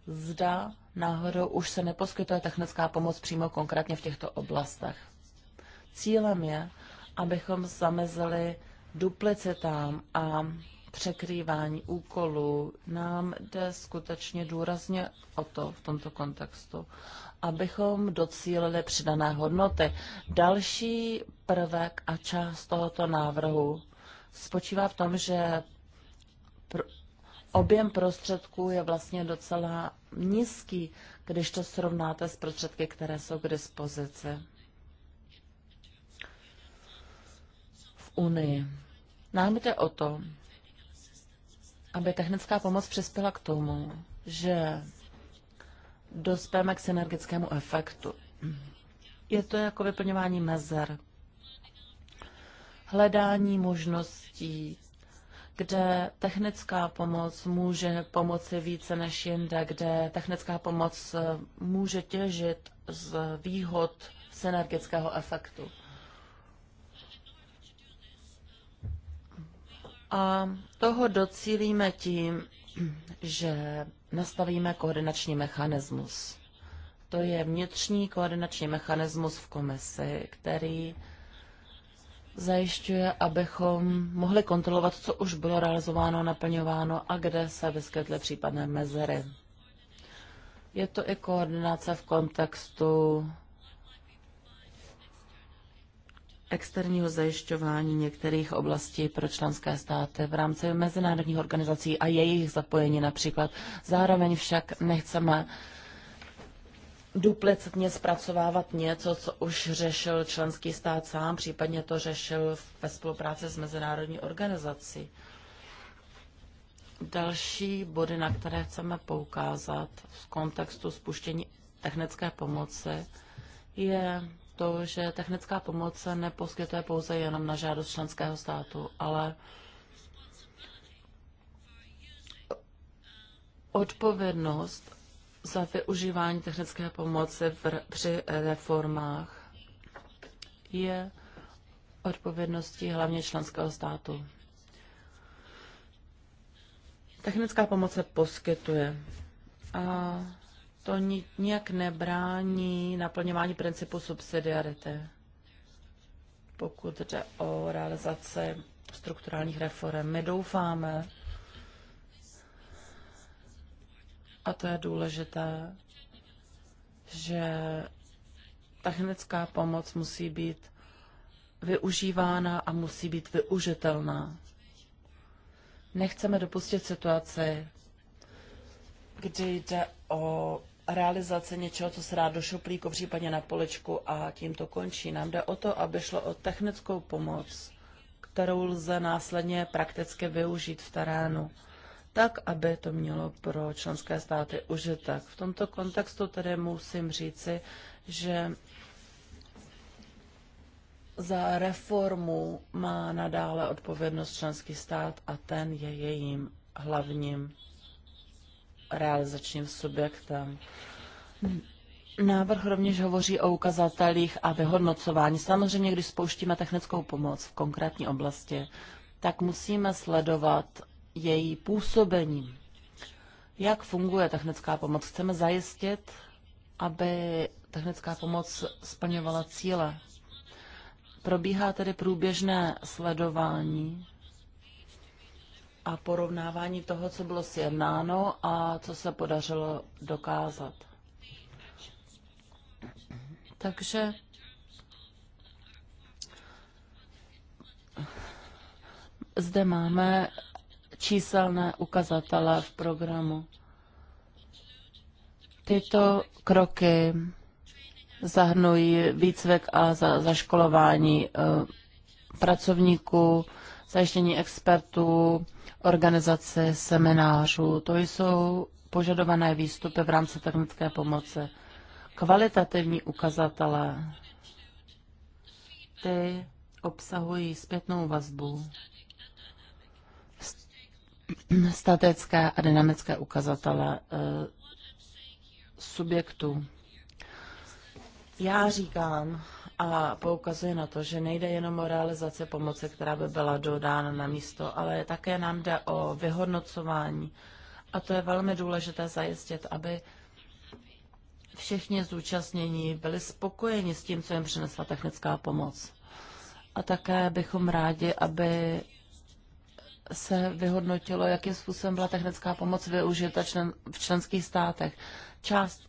zda náhodou už se neposkytuje technická pomoc přímo konkrétně v těchto oblastech. Cílem je, abychom zamezili duplicitám a překrývání úkolů. Nám jde skutečně důrazně o to v tomto kontextu, abychom docílili přidané hodnoty. Další prvek a část tohoto návrhu spočívá v tom, že pr- objem prostředků je vlastně docela nízký, když to srovnáte s prostředky, které jsou k dispozici. Unii. Nám jde o to, aby technická pomoc přispěla k tomu, že dospěme k synergickému efektu. Je to jako vyplňování mezer, hledání možností, kde technická pomoc může pomoci více než jinde, kde technická pomoc může těžit z výhod synergického efektu. A toho docílíme tím, že nastavíme koordinační mechanismus. To je vnitřní koordinační mechanismus v komisi, který zajišťuje, abychom mohli kontrolovat, co už bylo realizováno, naplňováno a kde se vyskytly případné mezery. Je to i koordinace v kontextu externího zajišťování některých oblastí pro členské státy v rámci mezinárodních organizací a jejich zapojení například. Zároveň však nechceme duplicitně zpracovávat něco, co už řešil členský stát sám, případně to řešil ve spolupráci s mezinárodní organizací. Další body, na které chceme poukázat v kontextu spuštění technické pomoci, je to, že technická pomoc se neposkytuje pouze jenom na žádost členského státu, ale odpovědnost za využívání technické pomoci v, při reformách je odpovědností hlavně členského státu. Technická pomoc se poskytuje. A to nijak nebrání naplňování principu subsidiarity, pokud jde o realizaci strukturálních reform. My doufáme, a to je důležité, že technická pomoc musí být využívána a musí být využitelná. Nechceme dopustit situaci, kdy jde o realizace něčeho, co se dá do šuplíku, případně na poličku a tím to končí. Nám jde o to, aby šlo o technickou pomoc, kterou lze následně prakticky využít v terénu, tak, aby to mělo pro členské státy užitek. V tomto kontextu tedy musím říci, že za reformu má nadále odpovědnost členský stát a ten je jejím hlavním realizačním subjektem. Návrh rovněž hovoří o ukazatelích a vyhodnocování. Samozřejmě, když spouštíme technickou pomoc v konkrétní oblasti, tak musíme sledovat její působení. Jak funguje technická pomoc? Chceme zajistit, aby technická pomoc splňovala cíle. Probíhá tedy průběžné sledování a porovnávání toho, co bylo sjednáno a co se podařilo dokázat. Takže zde máme číselné ukazatele v programu. Tyto kroky zahrnují výcvik a za, zaškolování eh, pracovníků, zajištění expertů, organizace seminářů. To jsou požadované výstupy v rámci technické pomoci. Kvalitativní ukazatele, ty obsahují zpětnou vazbu, statické a dynamické ukazatele eh, subjektů. Já říkám, a poukazuje na to, že nejde jenom o realizaci pomoci, která by byla dodána na místo, ale také nám jde o vyhodnocování. A to je velmi důležité zajistit, aby všichni zúčastnění byli spokojeni s tím, co jim přinesla technická pomoc. A také bychom rádi, aby se vyhodnotilo, jakým způsobem byla technická pomoc využita člen, v členských státech. Část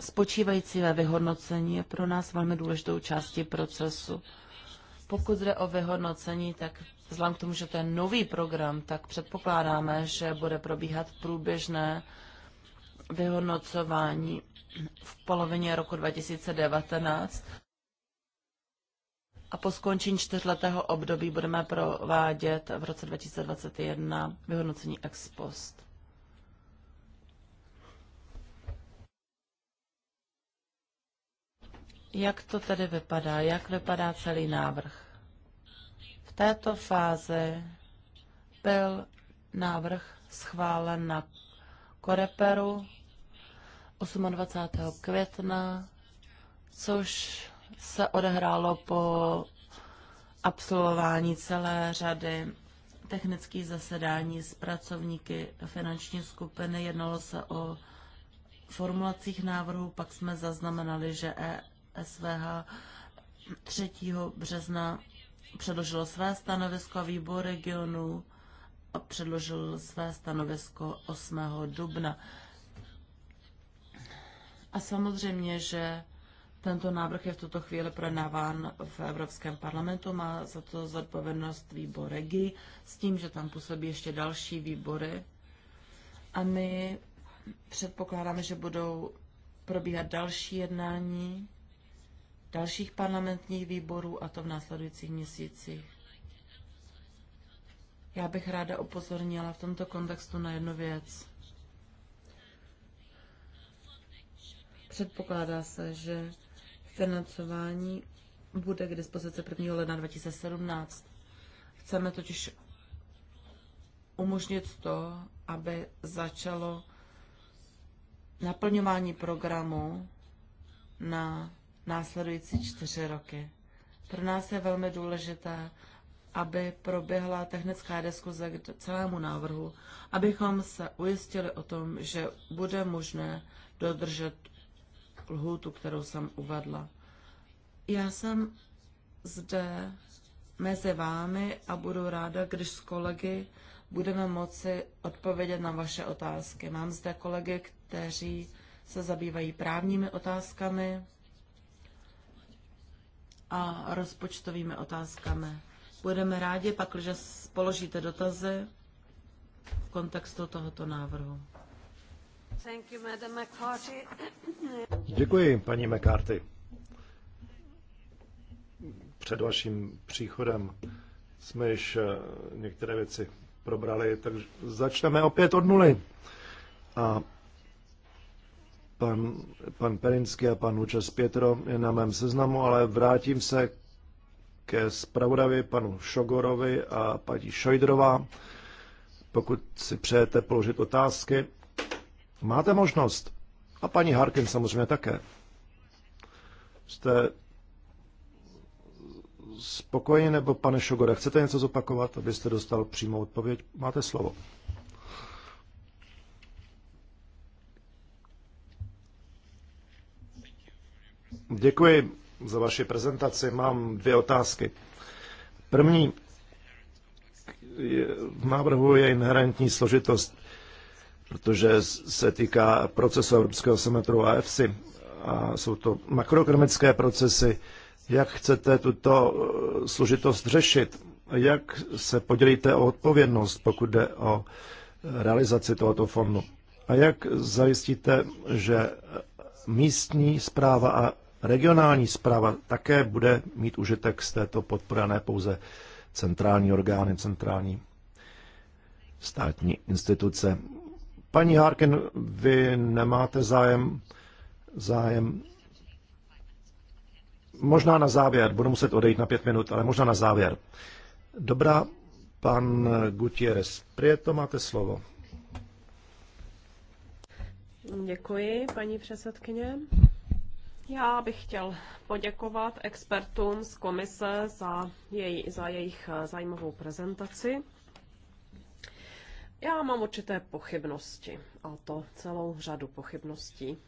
spočívající ve vyhodnocení je pro nás velmi důležitou částí procesu. Pokud jde o vyhodnocení, tak vzhledem k tomu, že to je nový program, tak předpokládáme, že bude probíhat průběžné vyhodnocování v polovině roku 2019. A po skončení čtyřletého období budeme provádět v roce 2021 vyhodnocení ex post. Jak to tedy vypadá? Jak vypadá celý návrh? V této fázi byl návrh schválen na Koreperu 28. května, což se odehrálo po absolvování celé řady technických zasedání s pracovníky finanční skupiny. Jednalo se o formulacích návrhů, pak jsme zaznamenali, že e- SVH 3. března předložilo své stanovisko výbor regionu a předložil své stanovisko 8. dubna. A samozřejmě, že tento návrh je v tuto chvíli projednáván v Evropském parlamentu, má za to zodpovědnost výbor REGI, s tím, že tam působí ještě další výbory. A my předpokládáme, že budou probíhat další jednání dalších parlamentních výborů a to v následujících měsících. Já bych ráda upozornila v tomto kontextu na jednu věc. Předpokládá se, že financování bude k dispozici 1. ledna 2017. Chceme totiž umožnit to, aby začalo naplňování programu na následující čtyři roky. Pro nás je velmi důležité, aby proběhla technická diskuze k celému návrhu, abychom se ujistili o tom, že bude možné dodržet lhůtu, kterou jsem uvedla. Já jsem zde mezi vámi a budu ráda, když s kolegy budeme moci odpovědět na vaše otázky. Mám zde kolegy, kteří se zabývají právními otázkami, a rozpočtovými otázkami. Budeme rádi, pakliže položíte dotazy v kontextu tohoto návrhu. Děkuji, paní McCarthy. Před vaším příchodem jsme již eh, některé věci probrali, takže začneme opět od nuly. A Pan, pan Perinsky a pan Lučas Pětro je na mém seznamu, ale vrátím se ke zpravodavi panu Šogorovi a paní Šojdrová. Pokud si přejete položit otázky, máte možnost. A paní Harkin samozřejmě také. Jste spokojeni, nebo pane Šogore, chcete něco zopakovat, abyste dostal přímou odpověď? Máte slovo. Děkuji za vaši prezentaci. Mám dvě otázky. První, v návrhu je inherentní složitost, protože se týká procesu Evropského semestru a EFSI. A jsou to makroekonomické procesy. Jak chcete tuto eh, složitost řešit? Jak se podělíte o odpovědnost, pokud jde o eh, realizaci tohoto fondu? A jak zajistíte, že místní zpráva a Regionální zpráva také bude mít užitek z této podpory, a ne pouze centrální orgány, centrální státní instituce. Paní Harkin, vy nemáte zájem, zájem možná na závěr, budu muset odejít na pět minut, ale možná na závěr. Dobrá, pan Gutierrez Prieto, máte slovo. Děkuji, paní předsedkyně. Já bych chtěl poděkovat expertům z komise za, jej, za jejich eh, zajímavou prezentaci. Já mám určité pochybnosti, a to celou řadu pochybností.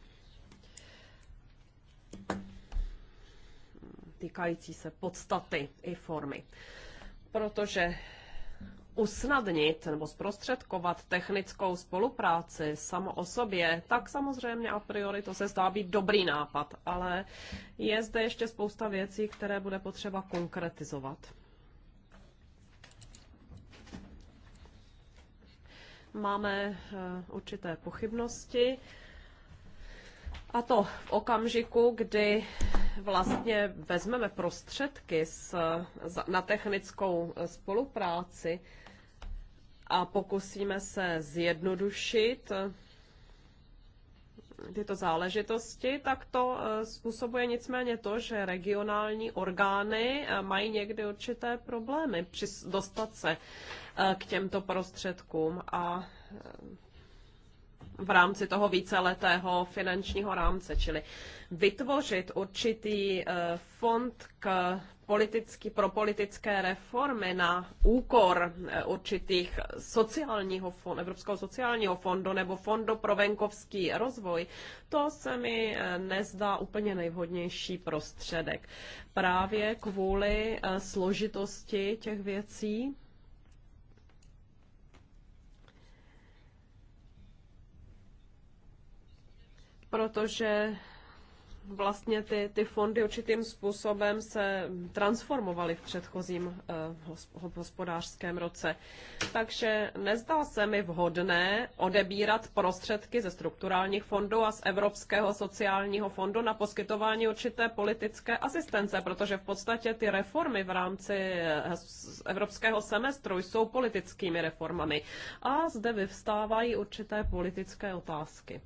Týkající se podstaty i formy. Protože usnadnit nebo zprostředkovat technickou spolupráci samo o sobě, tak samozřejmě a priori to se zdá být dobrý nápad, ale je zde ještě spousta věcí, které bude potřeba konkretizovat. Máme eh, určité pochybnosti. A to v okamžiku, kdy vlastně vezmeme prostředky na technickou eh, spolupráci, a pokusíme se zjednodušit tyto záležitosti, tak to eh, způsobuje nicméně to, že regionální orgány eh, mají někdy určité problémy při dostat se eh, k těmto prostředkům a v rámci toho víceletého finančního rámce, čili vytvořit určitý fond k politický, pro politické reformy na úkor eh, určitých sociálního fondu, Evropského sociálního fondu nebo Fondu pro venkovský rozvoj, to se mi eh, nezdá úplně nejvhodnější prostředek. Právě kvůli eh, složitosti těch věcí, protože vlastně ty, ty fondy určitým způsobem se transformovaly v předchozím uh, hospodářském roce. Takže nezdá se mi vhodné odebírat prostředky ze strukturálních fondů a z Evropského sociálního fondu na poskytování určité politické asistence, protože v podstatě ty reformy v rámci eh, Evropského semestru jsou politickými reformami. A zde vyvstávají určité politické otázky.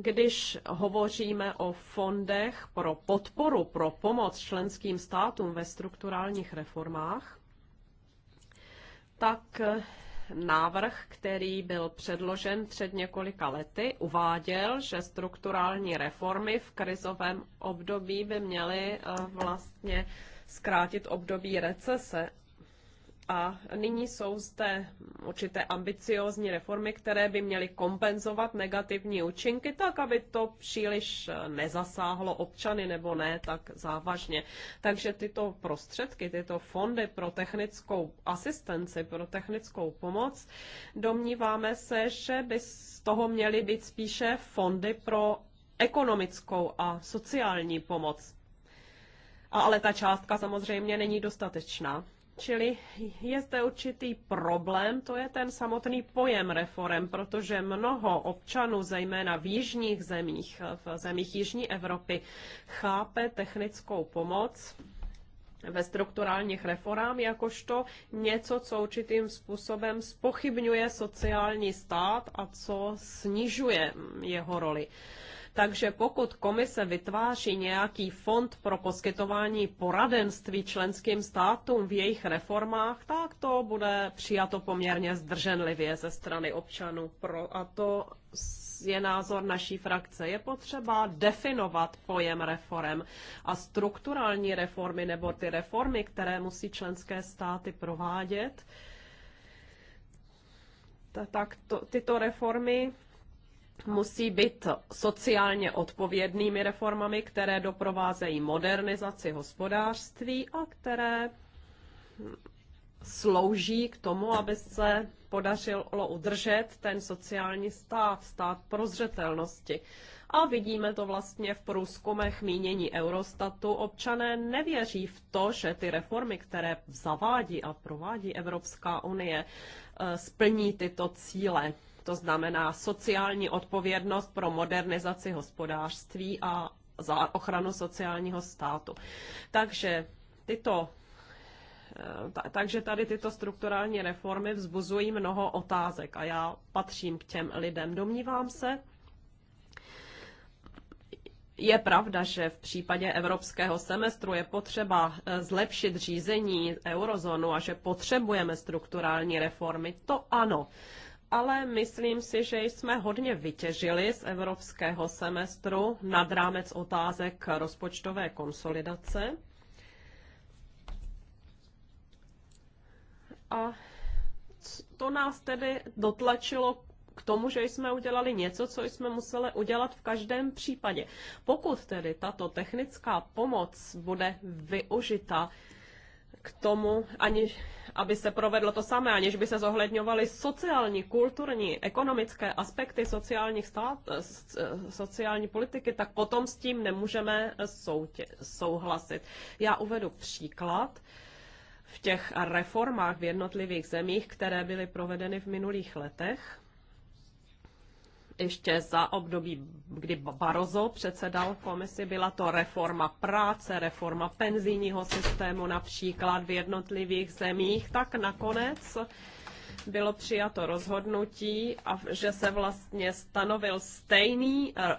Když hovoříme o fondech pro podporu, pro pomoc členským státům ve strukturálních reformách, tak návrh, který byl předložen před několika lety, uváděl, že strukturální reformy v krizovém období by měly eh, vlastně zkrátit období recese a nyní jsou zde určité ambiciozní reformy, které by měly kompenzovat negativní účinky tak, aby to příliš nezasáhlo občany nebo ne tak závažně. Takže tyto prostředky, tyto fondy pro technickou asistenci, pro technickou pomoc, domníváme se, že by z toho měly být spíše fondy pro ekonomickou a sociální pomoc. A ale ta částka samozřejmě není dostatečná Čili je zde určitý problém, to je ten samotný pojem reform, protože mnoho občanů, zejména v jižních zemích, v zemích jižní Evropy, chápe technickou pomoc ve strukturálních reformách jakožto něco, co určitým způsobem spochybňuje sociální stát a co snižuje jeho roli. Takže pokud komise vytváří nějaký fond pro poskytování poradenství členským státům v jejich reformách, tak to bude přijato poměrně zdrženlivě ze strany občanů. Pro, a to je názor naší frakce. Je potřeba definovat pojem reform a strukturální reformy nebo ty reformy, které musí členské státy provádět, tak to, tyto reformy musí být sociálně odpovědnými reformami, které doprovázejí modernizaci hospodářství a které slouží k tomu, aby se podařilo udržet ten sociální stát, stát prozřetelnosti. A vidíme to vlastně v průzkumech mínění Eurostatu. Občané nevěří v to, že ty reformy, které zavádí a provádí Evropská unie, eh, splní tyto cíle to znamená sociální odpovědnost pro modernizaci hospodářství a za ochranu sociálního státu. Takže tyto eh, takže tady tyto strukturální reformy vzbuzují mnoho otázek a já patřím k těm lidem. Domnívám se, je pravda, že v případě evropského semestru je potřeba eh, zlepšit řízení eurozónu a že potřebujeme strukturální reformy. To ano ale myslím si, že jsme hodně vytěžili z evropského semestru nad rámec otázek rozpočtové konsolidace. A to nás tedy dotlačilo k tomu, že jsme udělali něco, co jsme museli udělat v každém případě. Pokud tedy tato technická pomoc bude využita k tomu, aniž, aby se provedlo to samé, aniž by se zohledňovaly sociální, kulturní, ekonomické aspekty sociálních stát, sociální politiky, tak potom s tím nemůžeme soutě, souhlasit. Já uvedu příklad v těch reformách v jednotlivých zemích, které byly provedeny v minulých letech ještě za období, kdy Barozo předsedal komisi, byla to reforma práce, reforma penzijního systému například v jednotlivých zemích, tak nakonec bylo přijato rozhodnutí, a že se vlastně stanovil stejný eh,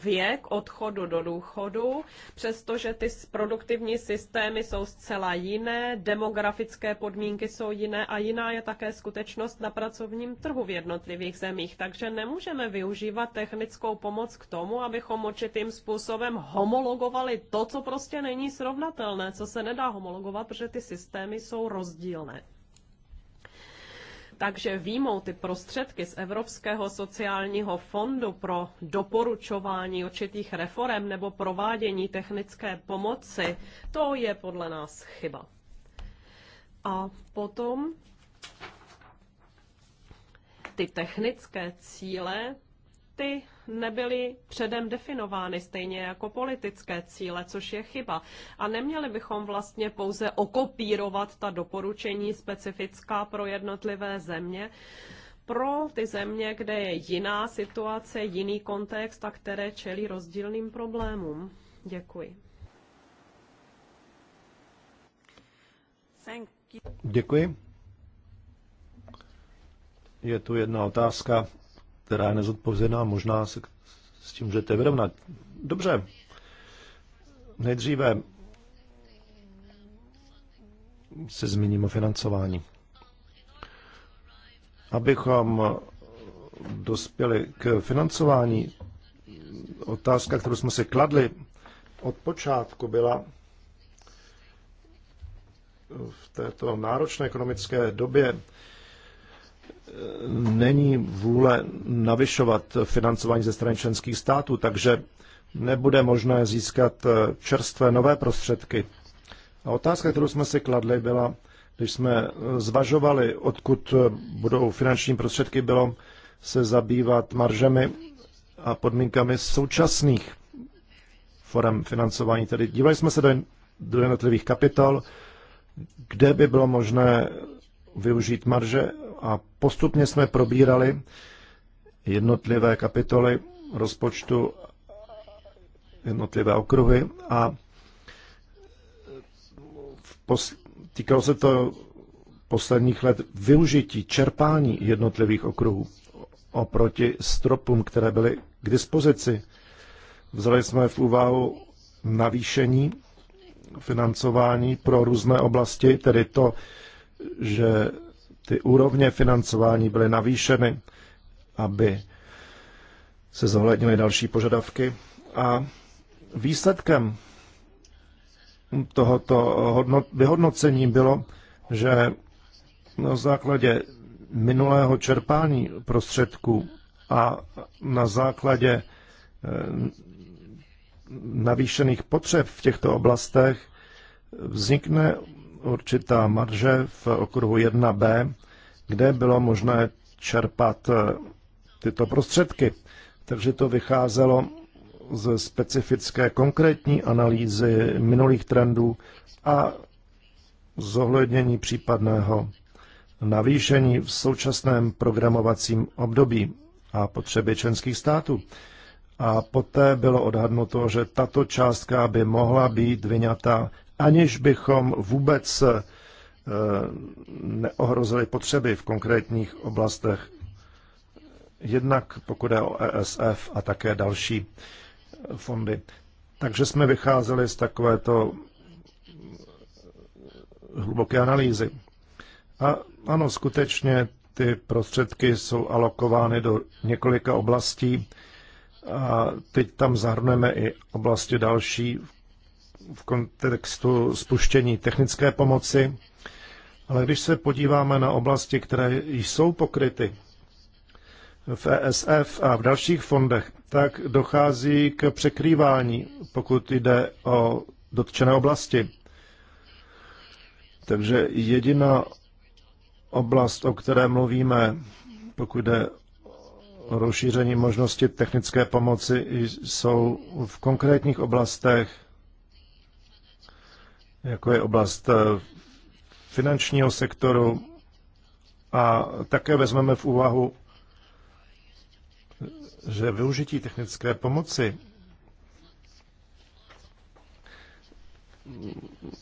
věk odchodu do důchodu, přestože ty produktivní systémy jsou zcela jiné, demografické podmínky jsou jiné a jiná je také skutečnost na pracovním trhu v jednotlivých zemích. Takže nemůžeme využívat technickou pomoc k tomu, abychom určitým způsobem homologovali to, co prostě není srovnatelné, co se nedá homologovat, protože ty systémy jsou rozdílné. Takže výjmou ty prostředky z Evropského sociálního fondu pro doporučování určitých reform nebo provádění technické pomoci, to je podle nás chyba. A potom ty technické cíle ty nebyly předem definovány, stejně jako politické cíle, což je chyba. A neměli bychom vlastně pouze okopírovat ta doporučení specifická pro jednotlivé země, pro ty země, kde je jiná situace, jiný kontext a které čelí rozdílným problémům. Děkuji. Děkuji. Je tu jedna otázka která je nezodpovězená, možná se s tím můžete vyrovnat. Dobře. Nejdříve se zmíním o financování. Abychom dospěli k financování, otázka, kterou jsme si kladli od počátku, byla v této náročné ekonomické době není vůle navyšovat financování ze strany členských států, takže nebude možné získat eh, čerstvé nové prostředky. A otázka, kterou jsme si kladli, byla, když jsme eh, zvažovali, odkud eh, budou finanční prostředky, bylo se zabývat maržemi a podmínkami současných forem financování. Tedy dívali jsme se do, do jednotlivých kapitol, kde by bylo možné využít marže a postupně jsme probírali jednotlivé kapitoly rozpočtu, jednotlivé okruhy a pos- týkalo se to posledních let využití, čerpání jednotlivých okruhů oproti stropům, které byly k dispozici. Vzali jsme v úvahu navýšení financování pro různé oblasti, tedy to, že ty úrovně financování byly navýšeny, aby se zohlednily další požadavky. A výsledkem tohoto vyhodnocení bylo, že na základě minulého čerpání prostředků a na základě eh, navýšených potřeb v těchto oblastech vznikne určitá marže v okruhu 1b, kde bylo možné čerpat eh, tyto prostředky. Takže to vycházelo ze specifické konkrétní analýzy minulých trendů a zohlednění případného navýšení v současném programovacím období a potřeby členských států. A poté bylo odhadnuto, že tato částka by mohla být vyňata aniž bychom vůbec eh, neohrozili potřeby v konkrétních oblastech. Jednak pokud je o ESF a také další eh, fondy. Takže jsme vycházeli z takovéto hluboké analýzy. A ano, skutečně ty prostředky jsou alokovány do několika oblastí a teď tam zahrneme i oblasti další, v kontextu spuštění technické pomoci, ale když se podíváme na oblasti, které jsou pokryty v ESF a v dalších fondech, tak dochází k překrývání, pokud jde o dotčené oblasti. Takže jediná oblast, o které mluvíme, pokud jde o rozšíření možnosti technické pomoci, jsou v konkrétních oblastech jako je oblast eh, finančního sektoru a také vezmeme v úvahu, že využití technické pomoci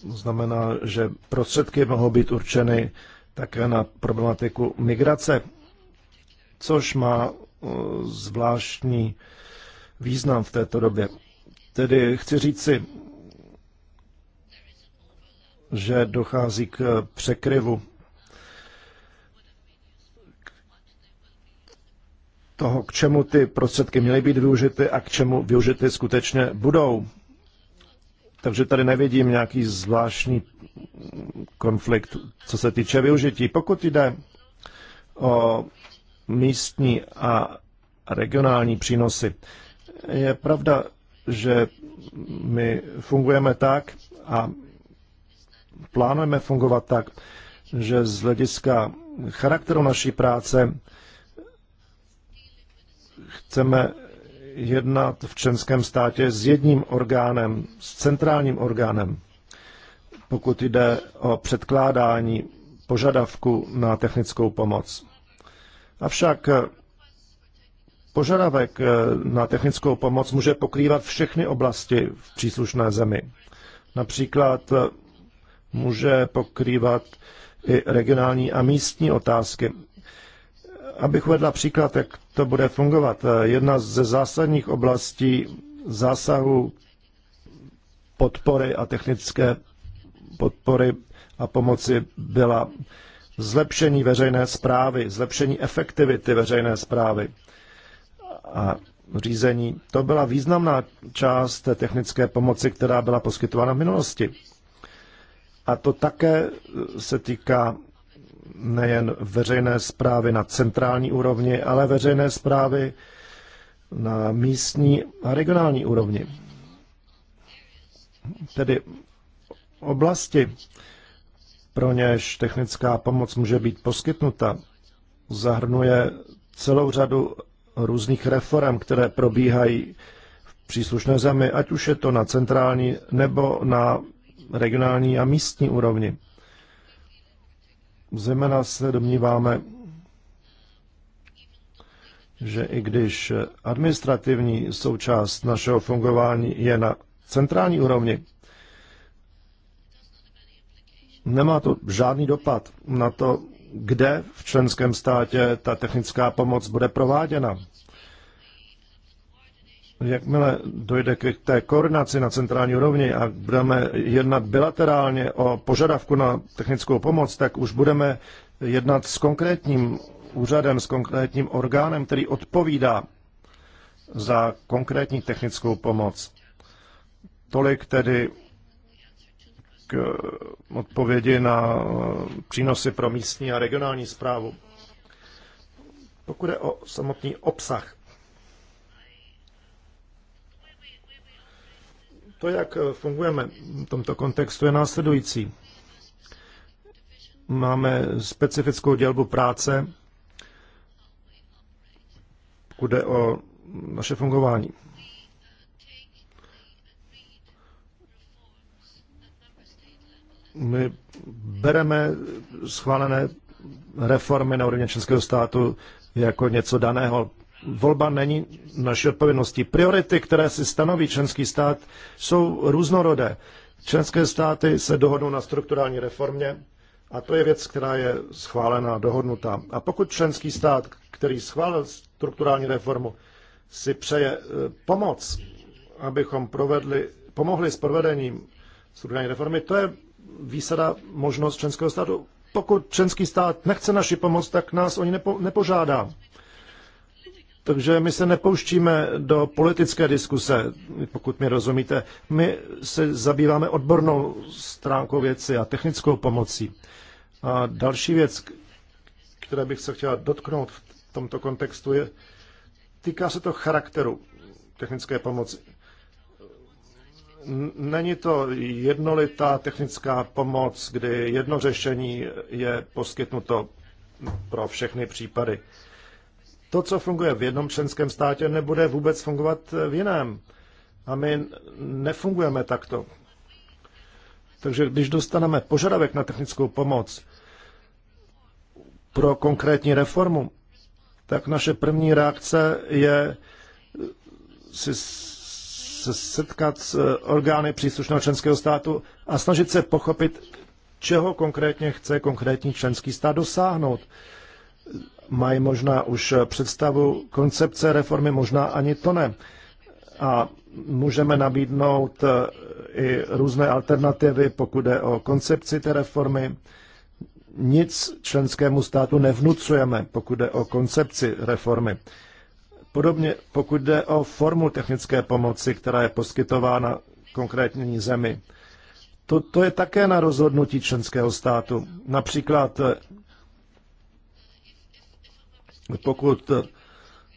znamená, že prostředky mohou být určeny také na problematiku migrace, což má eh, zvláštní význam v této době. Tedy chci říci, že dochází k překryvu toho, k čemu ty prostředky měly být využity a k čemu využity skutečně budou. Takže tady nevidím nějaký zvláštní konflikt, co se týče využití. Pokud jde o místní a regionální přínosy, je pravda, že my fungujeme tak a plánujeme fungovat tak, že z hlediska charakteru naší práce chceme jednat v členském státě s jedním orgánem, s centrálním orgánem, pokud jde o předkládání požadavku na technickou pomoc. Avšak požadavek na technickou pomoc může pokrývat všechny oblasti v příslušné zemi. Například může pokrývat i regionální a místní otázky. Abych uvedla příklad, jak to bude fungovat. Jedna ze zásadních oblastí zásahu podpory a technické podpory a pomoci byla zlepšení veřejné zprávy, zlepšení efektivity veřejné zprávy a řízení. To byla významná část technické pomoci, která byla poskytována v minulosti. A to také se týká nejen veřejné zprávy na centrální úrovni, ale veřejné zprávy na místní a regionální úrovni. Tedy oblasti, pro něž technická pomoc může být poskytnuta, zahrnuje celou řadu různých reform, které probíhají v příslušné zemi, ať už je to na centrální nebo na regionální a místní úrovni. Zejména se domníváme, že i když administrativní součást našeho fungování je na centrální úrovni, nemá to žádný dopad na to, kde v členském státě ta technická pomoc bude prováděna. Jakmile dojde k té koordinaci na centrální úrovni a budeme jednat bilaterálně o požadavku na technickou pomoc, tak už budeme jednat s konkrétním úřadem, s konkrétním orgánem, který odpovídá za konkrétní technickou pomoc. Tolik tedy k odpovědi na přínosy pro místní a regionální zprávu. Pokud je o samotný obsah, To, jak eh, fungujeme v tomto kontextu, je následující. Máme specifickou dělbu práce, pokud jde o naše fungování. My bereme schválené reformy na úrovni českého státu jako něco daného volba není naší odpovědností. Priority, které si stanoví členský stát, jsou různorodé. Členské státy se dohodnou na strukturální reformě a to je věc, která je schválená, dohodnutá. A pokud členský stát, který schválil strukturální reformu, si přeje eh, pomoc, abychom provedli, pomohli s provedením strukturální reformy, to je výsada možnost členského státu. Pokud členský stát nechce naši pomoc, tak nás oni nepo, nepožádá. Takže my se nepouštíme do politické diskuse, pokud mi rozumíte. My se zabýváme odbornou stránkou věci a technickou pomocí. A další věc, které bych se chtěla dotknout v tomto kontextu, je, týká se to charakteru technické pomoci. Není to jednolitá technická pomoc, kdy jedno řešení je poskytnuto pro všechny případy to, co funguje v jednom členském státě, nebude vůbec fungovat v jiném. A my nefungujeme takto. Takže když dostaneme požadavek na technickou pomoc pro konkrétní reformu, tak naše první reakce je si se setkat s orgány příslušného členského státu a snažit se pochopit, čeho konkrétně chce konkrétní členský stát dosáhnout mají možná už představu koncepce reformy, možná ani to ne. A můžeme nabídnout eh, i různé alternativy, pokud jde o koncepci té reformy. Nic členskému státu nevnucujeme, pokud jde o koncepci reformy. Podobně pokud jde o formu technické pomoci, která je poskytována konkrétní zemi. To, to je také na rozhodnutí členského státu. Například eh, pokud, eh,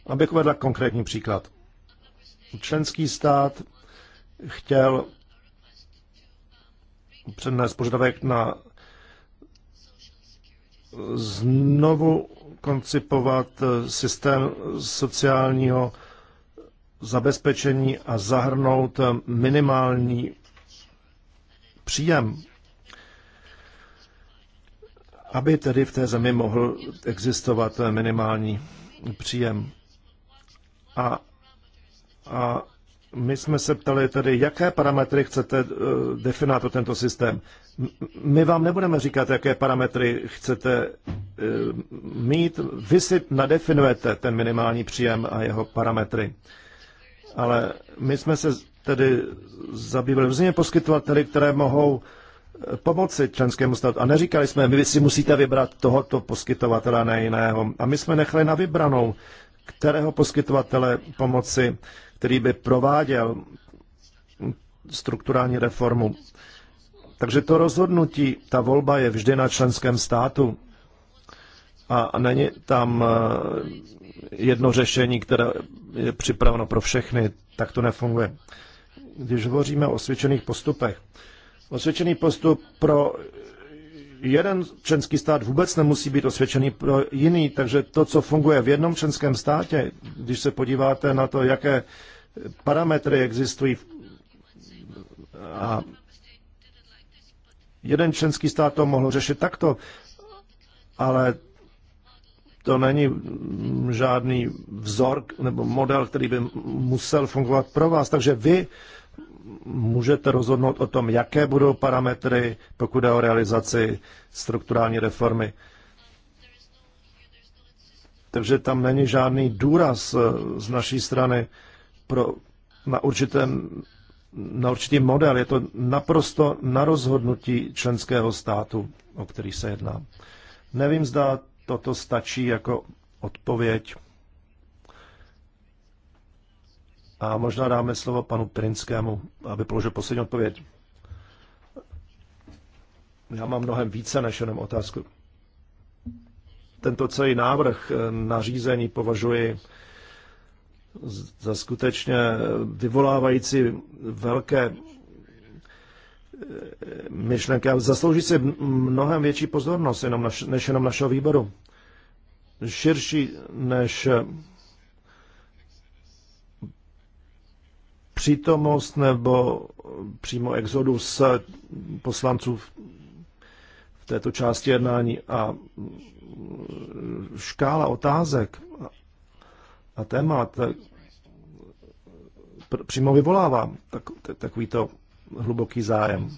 abych uvedla konkrétní příklad, členský stát chtěl přednést požadavek na znovu koncipovat eh, systém sociálního zabezpečení a zahrnout eh, minimální příjem aby tedy v té zemi mohl existovat minimální příjem. A, a my jsme se ptali tedy, jaké parametry chcete eh, definovat o tento systém. My vám nebudeme říkat, jaké parametry chcete eh, mít. Vy si nadefinujete ten minimální příjem a jeho parametry. Ale my jsme se tedy zabývali různými poskytovateli, které mohou pomoci členskému státu. A neříkali jsme, vy si musíte vybrat tohoto poskytovatele, ne jiného. A my jsme nechali na vybranou, kterého poskytovatele pomoci, který by prováděl strukturální reformu. Takže to rozhodnutí, ta volba je vždy na členském státu. A není tam eh, jedno řešení, které je připraveno pro všechny, tak to nefunguje. Když hovoříme o osvědčených postupech, osvědčený postup pro jeden členský stát vůbec nemusí být osvědčený pro jiný, takže to, co funguje v jednom členském státě, když se podíváte na to, jaké parametry existují a jeden členský stát to mohl řešit takto, ale to není žádný vzor nebo model, který by musel fungovat pro vás. Takže vy můžete rozhodnout o tom, jaké budou parametry, pokud je o realizaci strukturální reformy. Takže tam není žádný důraz eh, z naší strany pro, na, určité, na určitý model. Je to naprosto na rozhodnutí členského státu, o který se jedná. Nevím, zda toto stačí jako odpověď. A možná dáme slovo panu Prinskému, aby položil poslední odpověď. Já mám mnohem více než jenom otázku. Tento celý návrh eh, na řízení považuji za skutečně vyvolávající velké eh, myšlenky a zaslouží si mnohem větší pozornost jenom naš, než jenom našeho výboru. Širší než přítomnost nebo přímo exodus poslanců v této části jednání a škála otázek a témat eh, přímo vyvolává takovýto hluboký zájem.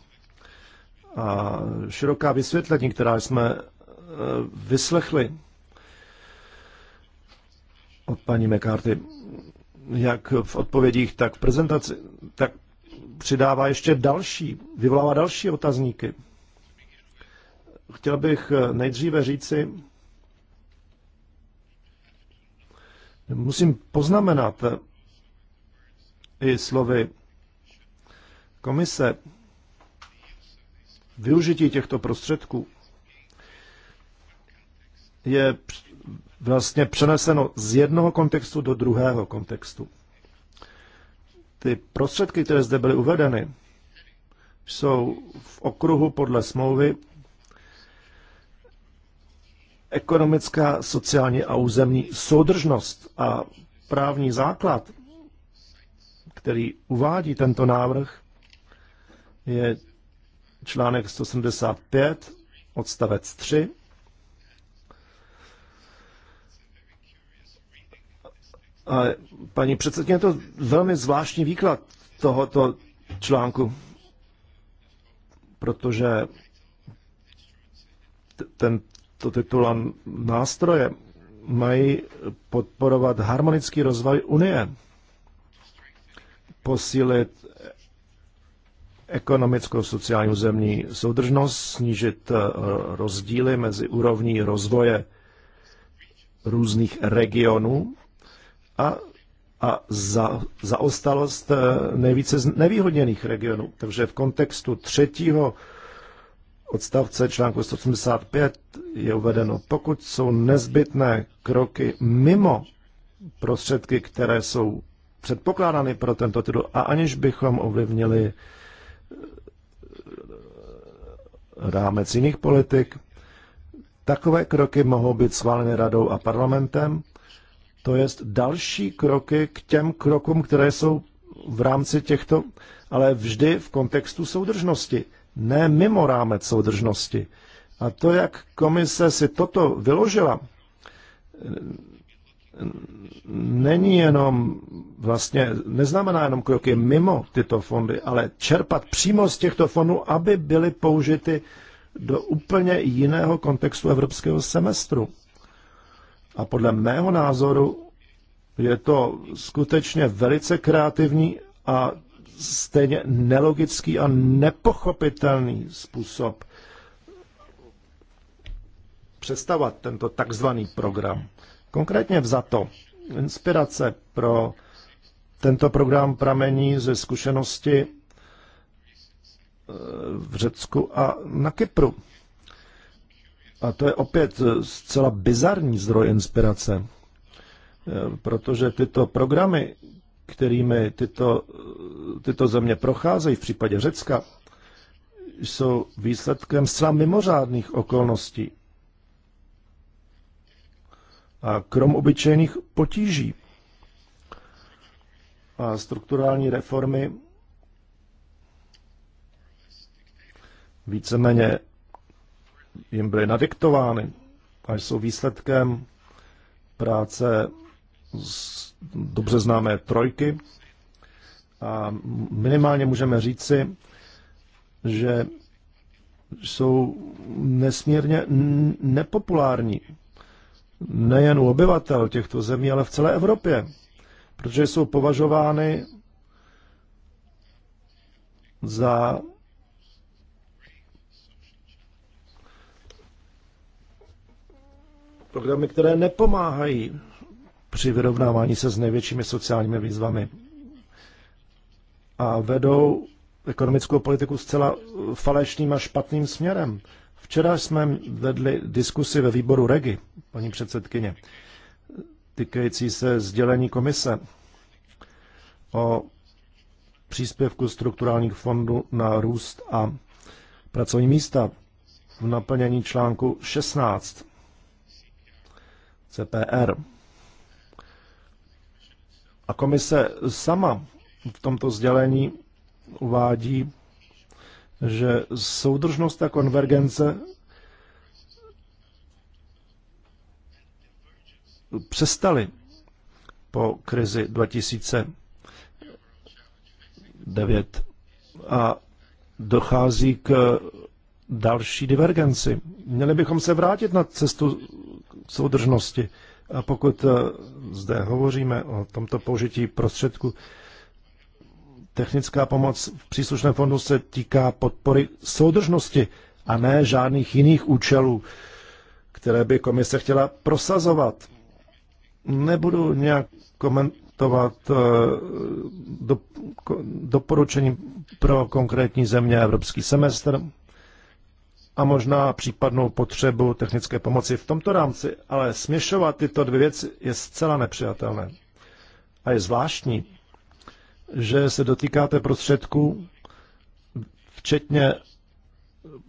A široká vysvětlení, která jsme eh, vyslechli od paní McCarthy, jak v odpovědích, tak v prezentaci, tak přidává ještě další, vyvolává další otazníky. Chtěl bych eh, nejdříve říci, musím poznamenat eh, i slovy komise, využití těchto prostředků je vlastně přeneseno z jednoho kontextu do druhého kontextu. Ty prostředky, které zde byly uvedeny, jsou v okruhu podle smlouvy ekonomická, sociální a územní soudržnost a právní základ, který uvádí tento návrh, je článek 175 odstavec 3 A paní předsedkyně, to velmi zvláštní výklad tohoto článku, protože tento titul a nástroje mají podporovat harmonický rozvoj Unie, posílit ekonomickou sociální zemní soudržnost, snížit eh, rozdíly mezi úrovní rozvoje různých regionů a, a za, zaostalost eh, nejvíce z nevýhodněných regionů. Takže v kontextu třetího odstavce článku 185 je uvedeno, pokud jsou nezbytné kroky mimo prostředky, které jsou předpokládány pro tento titul, a aniž bychom ovlivnili eh, rámec jiných politik, takové kroky mohou být schváleny radou a parlamentem to jest další kroky k těm krokům, které jsou v rámci těchto, ale vždy v kontextu soudržnosti, ne mimo rámec soudržnosti. A to, jak komise si toto vyložila, není jenom vlastně, neznamená jenom kroky mimo tyto fondy, ale čerpat přímo z těchto fondů, aby byly použity do úplně jiného kontextu evropského semestru. A podle mého názoru je to skutečně velice kreativní a stejně nelogický a nepochopitelný způsob představovat tento takzvaný program. Konkrétně vzato, inspirace pro tento program pramení ze zkušenosti eh, v Řecku a na Kypru. A to je opět eh, zcela bizarní zdroj inspirace, eh, protože tyto programy, kterými tyto, eh, tyto země procházejí v případě Řecka, jsou výsledkem zcela mimořádných okolností a krom obyčejných potíží. A strukturální reformy víceméně jim byly nadiktovány a jsou výsledkem práce z dobře známé trojky. A minimálně můžeme říci, že jsou nesmírně nepopulární nejen u obyvatel těchto zemí, ale v celé Evropě, protože jsou považovány za programy, které nepomáhají při vyrovnávání se s největšími sociálními výzvami a vedou ekonomickou politiku zcela falešným a špatným směrem. Včera jsme vedli diskusi ve výboru REGI, paní předsedkyně, týkající se sdělení komise o příspěvku strukturálních fondů na růst a pracovní místa v naplnění článku 16 CPR. A komise sama v tomto sdělení uvádí, že soudržnost a konvergence přestaly po krizi 2009 a dochází k další divergenci. Měli bychom se vrátit na cestu soudržnosti. A pokud eh, zde hovoříme o tomto použití prostředku, technická pomoc v příslušném fondu se týká podpory soudržnosti a ne žádných jiných účelů, které by komise chtěla prosazovat. Nebudu nějak komentovat eh, do, doporučení pro konkrétní země Evropský semestr a možná případnou potřebu technické pomoci v tomto rámci, ale směšovat tyto dvě věci je zcela nepřijatelné. A je zvláštní, že se dotýkáte prostředků, včetně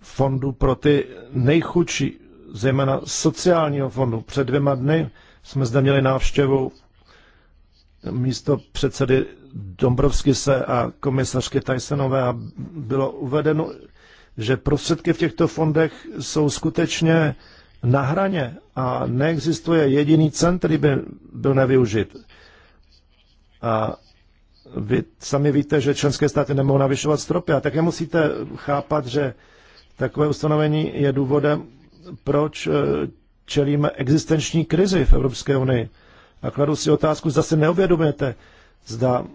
fondu pro ty nejchudší, zejména sociálního fondu. Před dvěma dny jsme zde měli návštěvu místo předsedy Dombrovskise a komisařky Tysonové a bylo uvedeno, že prostředky v těchto fondech jsou skutečně na hraně a neexistuje jediný cen, který by byl nevyužit. A vy sami víte, že členské státy nemohou navyšovat stropy a také musíte chápat, že takové ustanovení je důvodem, proč eh, čelíme existenční krizi v Evropské unii. A kladu si otázku, zase neuvědomujete, zda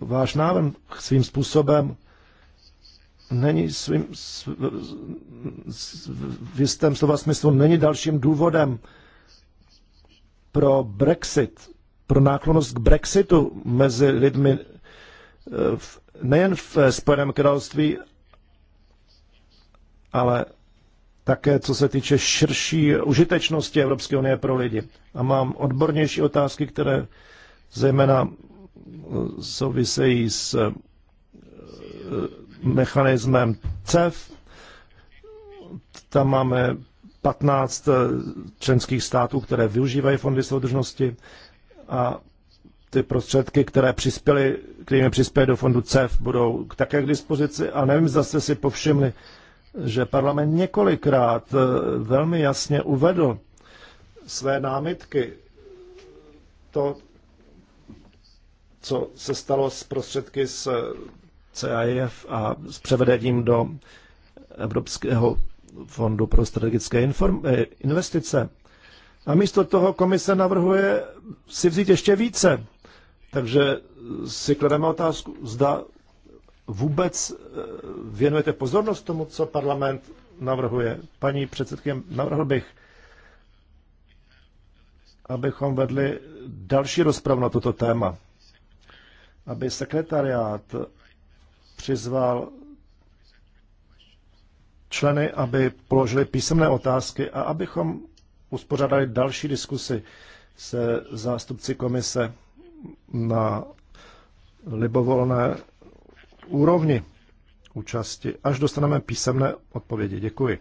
váš návrh svým způsobem není svým, v jistém slova smyslu není dalším důvodem pro Brexit, pro náklonost k Brexitu mezi lidmi eh, v, nejen v Spojeném království, ale také co se týče širší užitečnosti Evropské unie pro lidi. A mám odbornější otázky, které zejména eh, souvisejí s eh, mechanismem CEF. Tam máme 15 eh, členských států, které využívají fondy soudržnosti a ty prostředky, které přispěly, kterými přispěly do fondu CEF, budou také k dispozici. A nevím, zda jste si povšimli, že parlament několikrát eh, velmi jasně uvedl své námitky to, co se stalo s prostředky z eh, CIF a s převedením do Evropského fondu pro strategické eh, investice. A místo toho komise navrhuje si vzít ještě více. Takže si klademe otázku, zda vůbec eh, věnujete pozornost tomu, co parlament navrhuje. Paní předsedkyně, navrhl bych, abychom vedli další rozpravu na toto téma, aby sekretariát přizval členy, aby položili písemné otázky a abychom uspořádali další diskusy se zástupci komise na libovolné úrovni účasti, až dostaneme písemné odpovědi. Děkuji.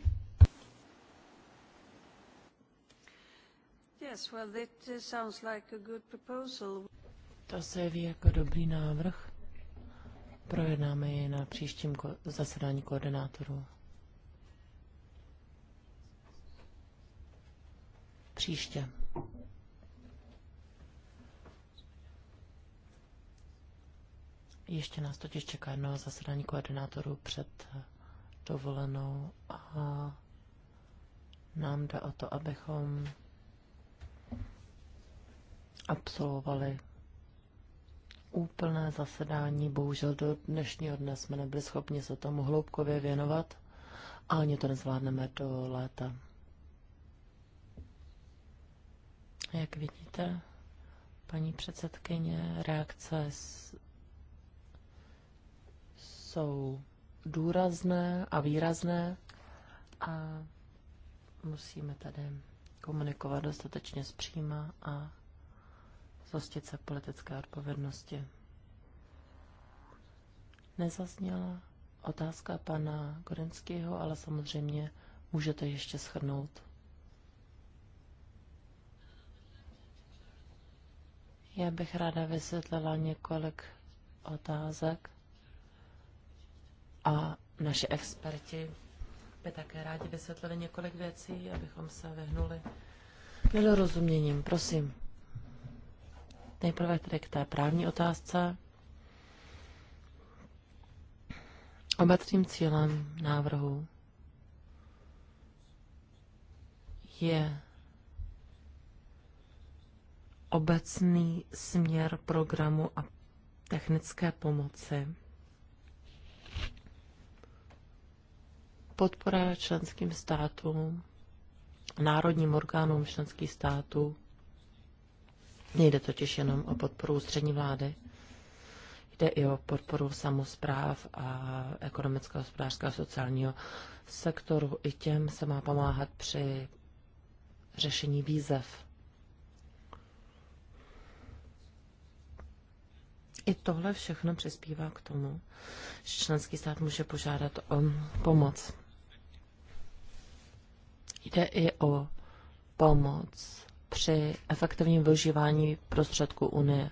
To se ví jako dobrý návrh. Projednáme je na příštím zasedání koordinátorů. Příště. Ještě nás totiž čeká jedno zasedání koordinátorů před dovolenou a nám jde o to, abychom absolvovali úplné zasedání. Bohužel do dnešního dne jsme nebyli schopni se tomu hloubkově věnovat a ani to nezvládneme do léta. Jak vidíte, paní předsedkyně, reakce jsou důrazné a výrazné a musíme tady komunikovat dostatečně zpříma a zhostit se politické odpovědnosti. Nezazněla otázka pana Gorenského, ale samozřejmě můžete ještě shrnout. Já bych ráda vysvětlila několik otázek a naši experti by také rádi vysvětlili několik věcí, abychom se vyhnuli nedorozuměním. Prosím. Nejprve tedy k té právní otázce. Obecným cílem návrhu je obecný směr programu a technické pomoci. Podpora členským státům, národním orgánům členských států Nejde totiž jenom o podporu střední vlády, jde i o podporu samozpráv a ekonomického, hospodářského a sociálního sektoru. I těm se má pomáhat při řešení výzev. I tohle všechno přispívá k tomu, že členský stát může požádat o pomoc. Jde i o pomoc při efektivním využívání prostředků Unie.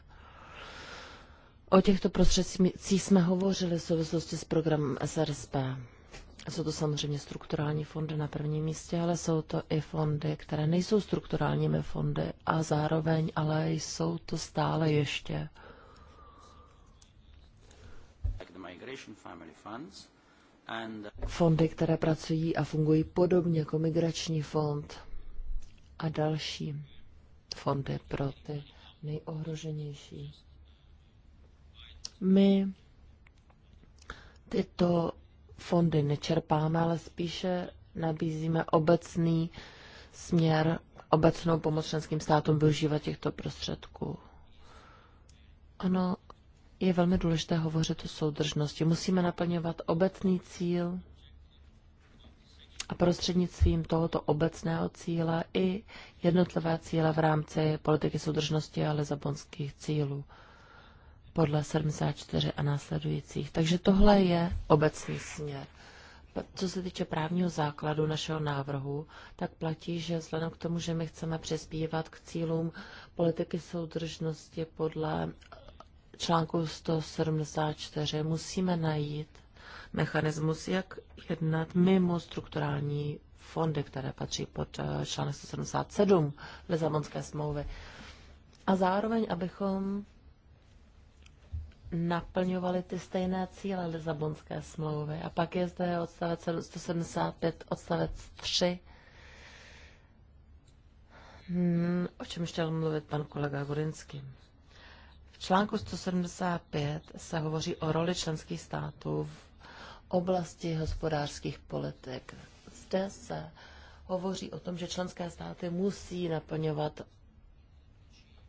O těchto prostředcích jsme hovořili v souvislosti s programem SRSP. Jsou to samozřejmě strukturální fondy na prvním místě, ale jsou to i fondy, které nejsou strukturálními fondy a zároveň ale jsou to stále ještě uh, fondy, které pracují a fungují podobně jako migrační fond a další fondy pro ty nejohroženější. My tyto fondy nečerpáme, ale spíše nabízíme obecný směr, obecnou pomoc členským státům využívat těchto prostředků. Ano, je velmi důležité hovořit o soudržnosti. Musíme naplňovat obecný cíl a prostřednictvím tohoto obecného cíle i jednotlivé cíle v rámci politiky soudržnosti a lizabonských cílů podle 74 a následujících. Takže tohle je obecný směr. Co se týče právního základu našeho návrhu, tak platí, že vzhledem k tomu, že my chceme přispívat k cílům politiky soudržnosti podle článku 174, musíme najít mechanismus, jak jednat mimo strukturální fondy, které patří pod eh, článek 177 Lizabonské smlouvy. A zároveň, abychom naplňovali ty stejné cíle Lizabonské smlouvy. A pak je zde odstavec 175, odstavec 3, hmm, o čem chtěl mluvit pan kolega Gorinsky. V článku 175 se hovoří o roli členských států v oblasti hospodářských politik. Zde se hovoří o tom, že členské státy musí naplňovat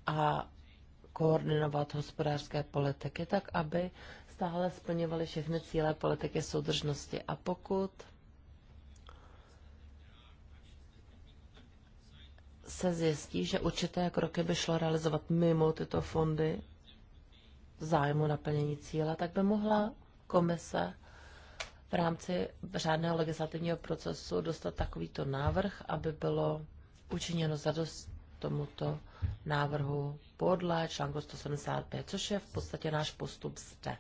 a koordinovat hospodářské politiky tak, aby stále splňovaly všechny cíle politiky soudržnosti. A pokud se zjistí, že určité kroky by šlo realizovat mimo tyto fondy zájmu naplnění cíle, tak by mohla komise v rámci řádného legislativního procesu dostat takovýto návrh, aby bylo učiněno zadost tomuto návrhu podle článku 175, což je v podstatě náš postup zde.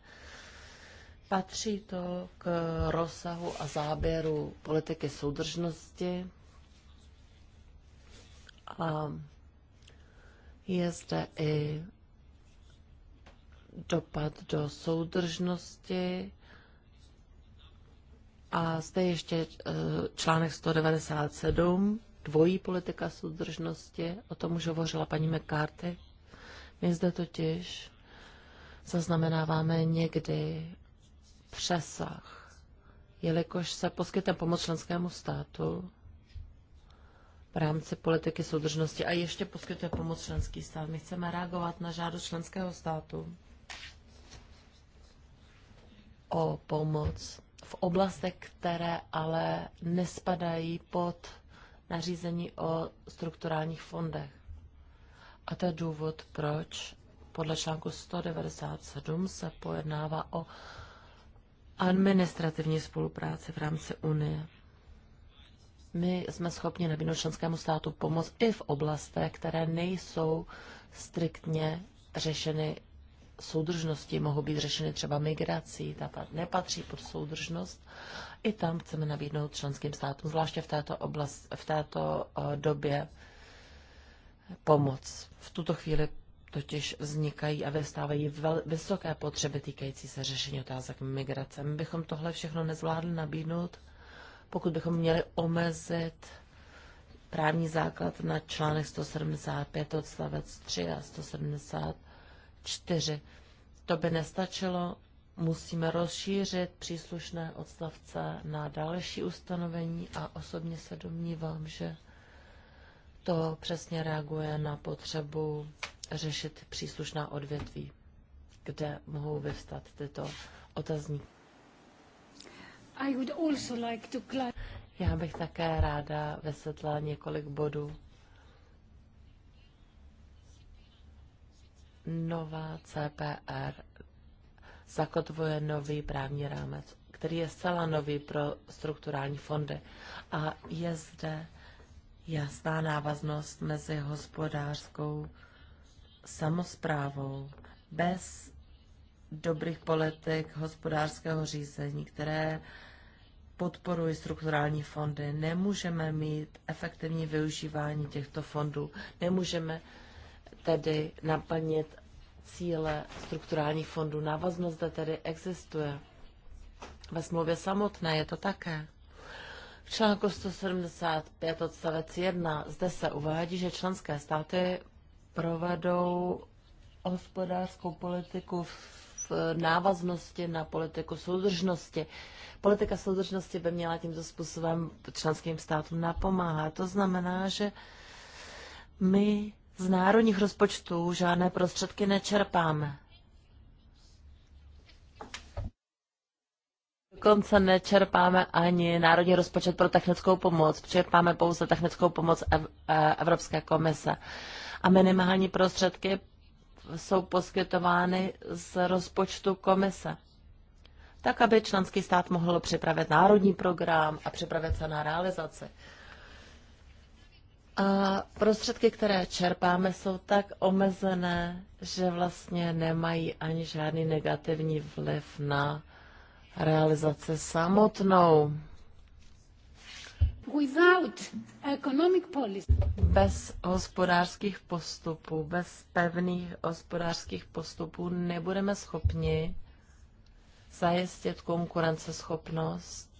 Patří to k rozsahu a záběru politiky soudržnosti a je zde i dopad do soudržnosti a zde ještě eh, článek 197, dvojí politika soudržnosti, o tom už hovořila paní McCarthy. My zde totiž zaznamenáváme někdy přesah, jelikož se poskytne pomoc členskému státu v rámci politiky soudržnosti a ještě poskytuje pomoc členský stát. My chceme reagovat na žádost členského státu o pomoc v oblastech, které ale nespadají pod nařízení o strukturálních fondech. A to je důvod, proč podle článku 197 se pojednává o administrativní spolupráci v rámci Unie. My jsme schopni nabídnout členskému státu pomoc i v oblastech, které nejsou striktně řešeny soudržnosti mohou být řešeny třeba migrací, ta nepatří pod soudržnost. I tam chceme nabídnout členským státům, zvláště v této, oblast, v této eh, době, pomoc. V tuto chvíli totiž vznikají a vystávají vel, vysoké potřeby týkající se řešení otázek migrace. My bychom tohle všechno nezvládli nabídnout, pokud bychom měli omezit právní základ na článek 175 odstavec 3 a 170 4. To by nestačilo, musíme rozšířit příslušné odstavce na další ustanovení a osobně se domnívám, že to přesně reaguje na potřebu řešit příslušná odvětví, kde mohou vyvstat tyto otazníky. Já bych také ráda vysvětlila několik bodů, nová CPR zakotvuje nový právní rámec, který je zcela nový pro strukturální fondy. A je zde jasná návaznost mezi hospodářskou samozprávou. Bez dobrých politik hospodářského řízení, které podporují strukturální fondy, nemůžeme mít efektivní využívání těchto fondů, nemůžeme tedy naplnit cíle strukturálních fondů. Návaznost zde tedy existuje. Ve smlouvě samotné je to také. V článku 175 odstavec 1 zde se uvádí, že členské státy provedou hospodářskou politiku v návaznosti na politiku soudržnosti. Politika soudržnosti by měla tímto způsobem členským státům napomáhat. To znamená, že my z národních rozpočtů žádné prostředky nečerpáme. Dokonce nečerpáme ani národní rozpočet pro technickou pomoc. Čerpáme pouze technickou pomoc e, Evropské komise. A minimální prostředky jsou poskytovány z rozpočtu komise. Tak, aby členský stát mohl připravit národní program a připravit se na realizaci. A prostředky, které čerpáme, jsou tak omezené, že vlastně nemají ani žádný negativní vliv na realizaci samotnou. Without economic policy. Bez hospodářských postupů, bez pevných hospodářských postupů nebudeme schopni zajistit konkurenceschopnost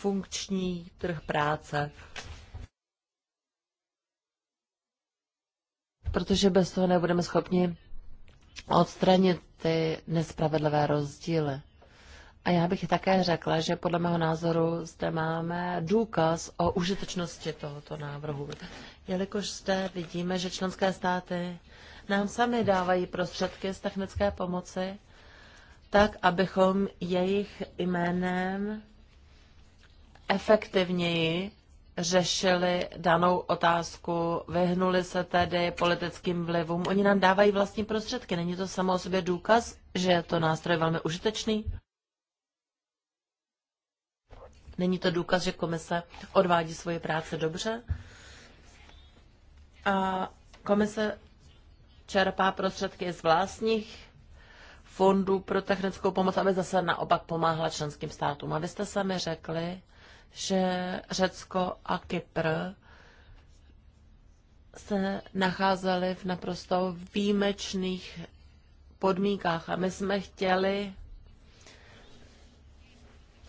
funkční trh práce. Protože bez toho nebudeme schopni odstranit ty nespravedlivé rozdíly. A já bych také řekla, že podle mého názoru zde máme důkaz o užitečnosti tohoto návrhu. Jelikož zde vidíme, že členské státy nám sami dávají prostředky z technické pomoci, tak abychom jejich jménem efektivněji řešili danou otázku, vyhnuli se tedy politickým vlivům. Oni nám dávají vlastní prostředky. Není to samo o sobě důkaz, že je to nástroj velmi užitečný? Není to důkaz, že komise odvádí svoji práci dobře? A komise čerpá prostředky z vlastních fondů pro technickou pomoc, aby zase naopak pomáhla členským státům. A vy jste sami řekli, že Řecko a Kypr se nacházeli v naprosto výjimečných podmínkách a my jsme chtěli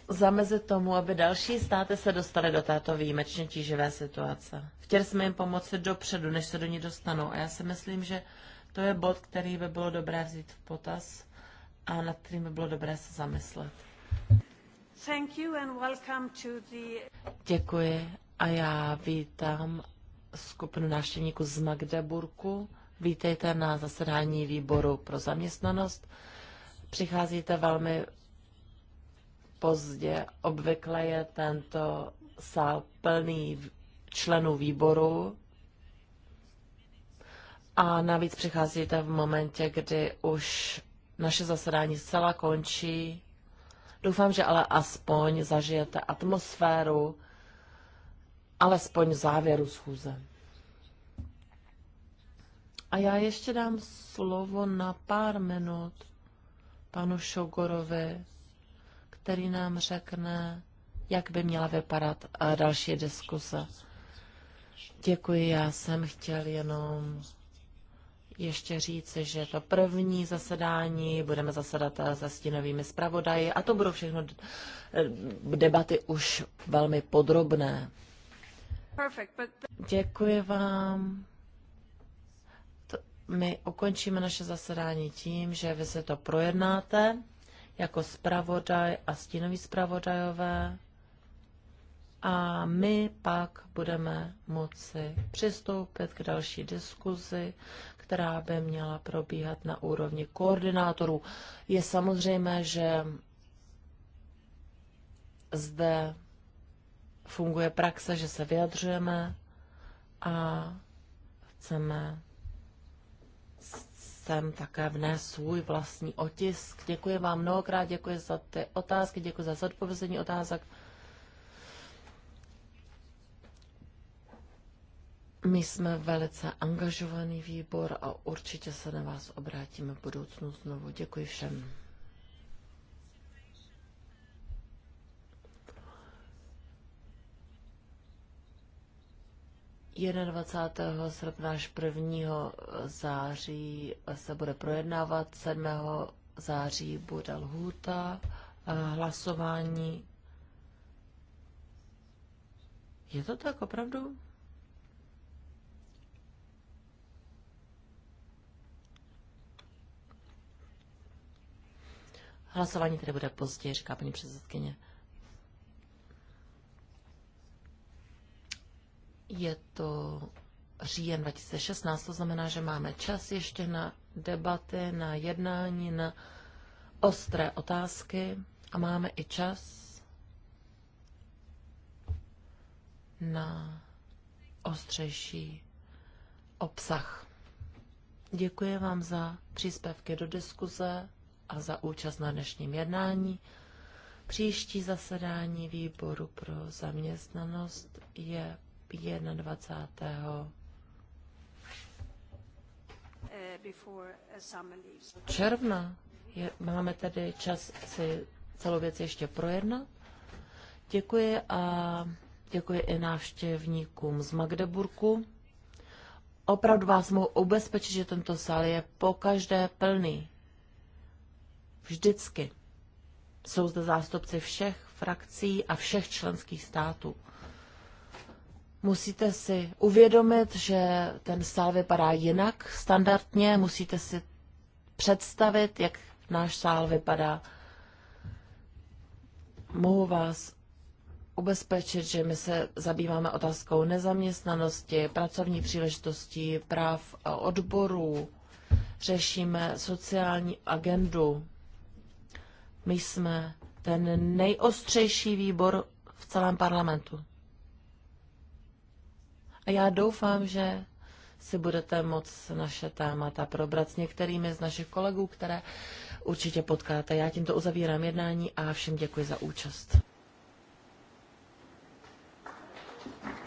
zamezit tomu, aby další státy se dostaly do této výjimečně tíživé situace. Chtěli jsme jim pomoci dopředu, než se do ní dostanou. A já si myslím, že to je bod, který by bylo dobré vzít v potaz a nad kterým by bylo dobré se zamyslet. Děkuji a já vítám skupinu návštěvníků z Magdeburku. Vítejte na zasedání výboru pro zaměstnanost. Přicházíte velmi pozdě. Obvykle je tento sál plný členů výboru a navíc přicházíte v momentě, kdy už naše zasedání zcela končí Doufám, že ale aspoň zažijete atmosféru, alespoň závěru schůze. A já ještě dám slovo na pár minut panu Šogorovi, který nám řekne, jak by měla vypadat eh, další diskuse. Děkuji, já jsem chtěl jenom ještě říct, že to první zasedání budeme zasedat eh, se stínovými zpravodaji a to budou všechno eh, debaty už velmi podrobné. Děkuji vám. To, my ukončíme naše zasedání tím, že vy se to projednáte jako zpravodaj a stínový zpravodajové a my pak budeme moci přistoupit k další diskuzi, která by měla probíhat na úrovni koordinátorů. Je samozřejmé, že zde funguje praxe, že se vyjadřujeme a chceme sem také vnést svůj vlastní otisk. Děkuji vám mnohokrát, děkuji za ty otázky, děkuji za zodpovězení otázek. My jsme velice angažovaný výbor a určitě se na vás obrátíme v budoucnu znovu. Děkuji všem. Jeden 21. srpna až 1. září se bude projednávat, 7. září bude lhůta eh, hlasování. Je to tak opravdu? Hlasování tedy bude později, říká paní předsedkyně. Je to říjen 2016, to znamená, že máme čas ještě na debaty, na jednání, na ostré otázky a máme i čas na ostřejší obsah. Děkuji vám za příspěvky do diskuze a za účast na dnešním jednání. Příští zasedání výboru pro zaměstnanost je 21. června. Je, máme tedy čas si celou věc ještě projednat. Děkuji a děkuji i návštěvníkům z Magdeburku. Opravdu vás mohu ubezpečit, že tento sál je po každé plný. Vždycky. Jsou zde zástupci všech frakcí a všech členských států. Musíte si uvědomit, že ten sál vypadá jinak standardně, musíte si představit, jak náš sál vypadá. Mohu vás ubezpečit, že my se zabýváme otázkou nezaměstnanosti, pracovní příležitostí, práv odborů, řešíme sociální agendu, my jsme ten nejostřejší výbor v celém parlamentu. A já doufám, že si budete moc naše témata probrat s některými z našich kolegů, které určitě potkáte. Já tímto uzavírám jednání a všem děkuji za účast.